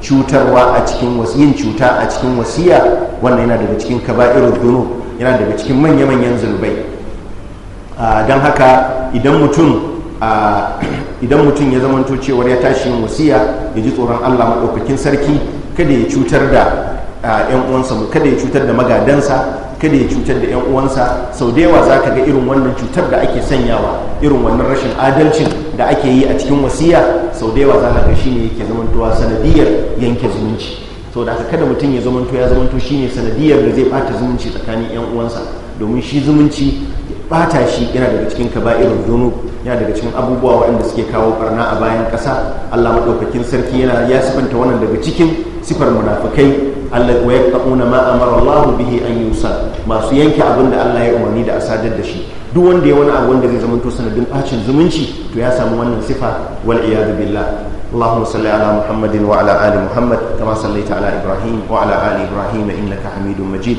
[SPEAKER 1] cutarwa a cikin yin cuta a cikin wasiya wannan yana daga cikin kaba'irul dhunub yana daga cikin manya-manyan zunubai ah, don haka idan mutum idan mutum ya zamanto cewar ya tashi yin wasiya ya ji tsoron allah maɗaukakin sarki kada ya cutar da yan uwansa kada ya cutar da magadansa kada ya cutar da yan uwansa sau da yawa za ka ga irin wannan cutar da ake sanyawa irin wannan rashin adalcin da ake yi a cikin wasiya sau da yawa za ka ga shine yake zamantowa sanadiyar yanke zumunci sau da kada mutum ya zamanto ya zamanto shi ne sanadiyar da zai ɓata zumunci tsakanin yan uwansa domin shi zumunci bata shi yana daga cikin irin zunub yana daga cikin abubuwa waɗanda suke kawo barna a bayan ƙasa Allah maɗaukakin sarki yana ya sifanta wannan daga cikin sifar munafukai Allah wa yaquna ma amara Allah bihi an yusa masu yanke abin da Allah ya umarni da asadar da shi duk wanda ya wani abu wanda zai zamanto sanadin bacin zumunci to ya samu wannan sifa wal iyad billah اللهم صل على محمد وعلى ال محمد كما صليت على ابراهيم وعلى ال ابراهيم انك حميد مجيد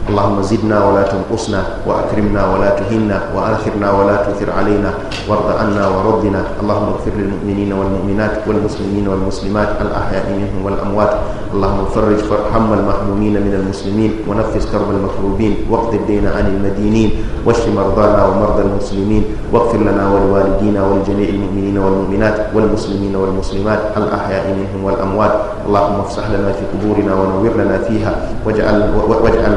[SPEAKER 1] اللهم زدنا ولا تنقصنا وأكرمنا ولا تهنا واخرنا ولا تثر علينا وارض عنا وردنا اللهم اغفر للمؤمنين والمؤمنات والمسلمين والمسلمات الأحياء منهم والأموات اللهم فرج هم المهمومين من المسلمين ونفس كرب المكروبين واقض الدين عن المدينين واشف مرضانا ومرضى المسلمين واغفر لنا ولوالدينا ولجميع المؤمنين والمؤمنات والمسلمين والمسلمات الأحياء منهم والأموات اللهم افسح لنا في قبورنا ونور لنا فيها واجعل, واجعل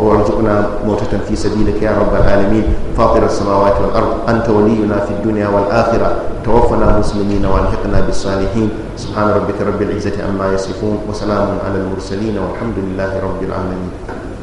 [SPEAKER 1] وارزقنا موتة في سبيلك يا رب العالمين فاطر السماوات والأرض أنت ولينا في الدنيا والآخرة توفنا مسلمين والحقنا بالصالحين سبحان ربك رب العزة عما يصفون وسلام على المرسلين والحمد لله رب العالمين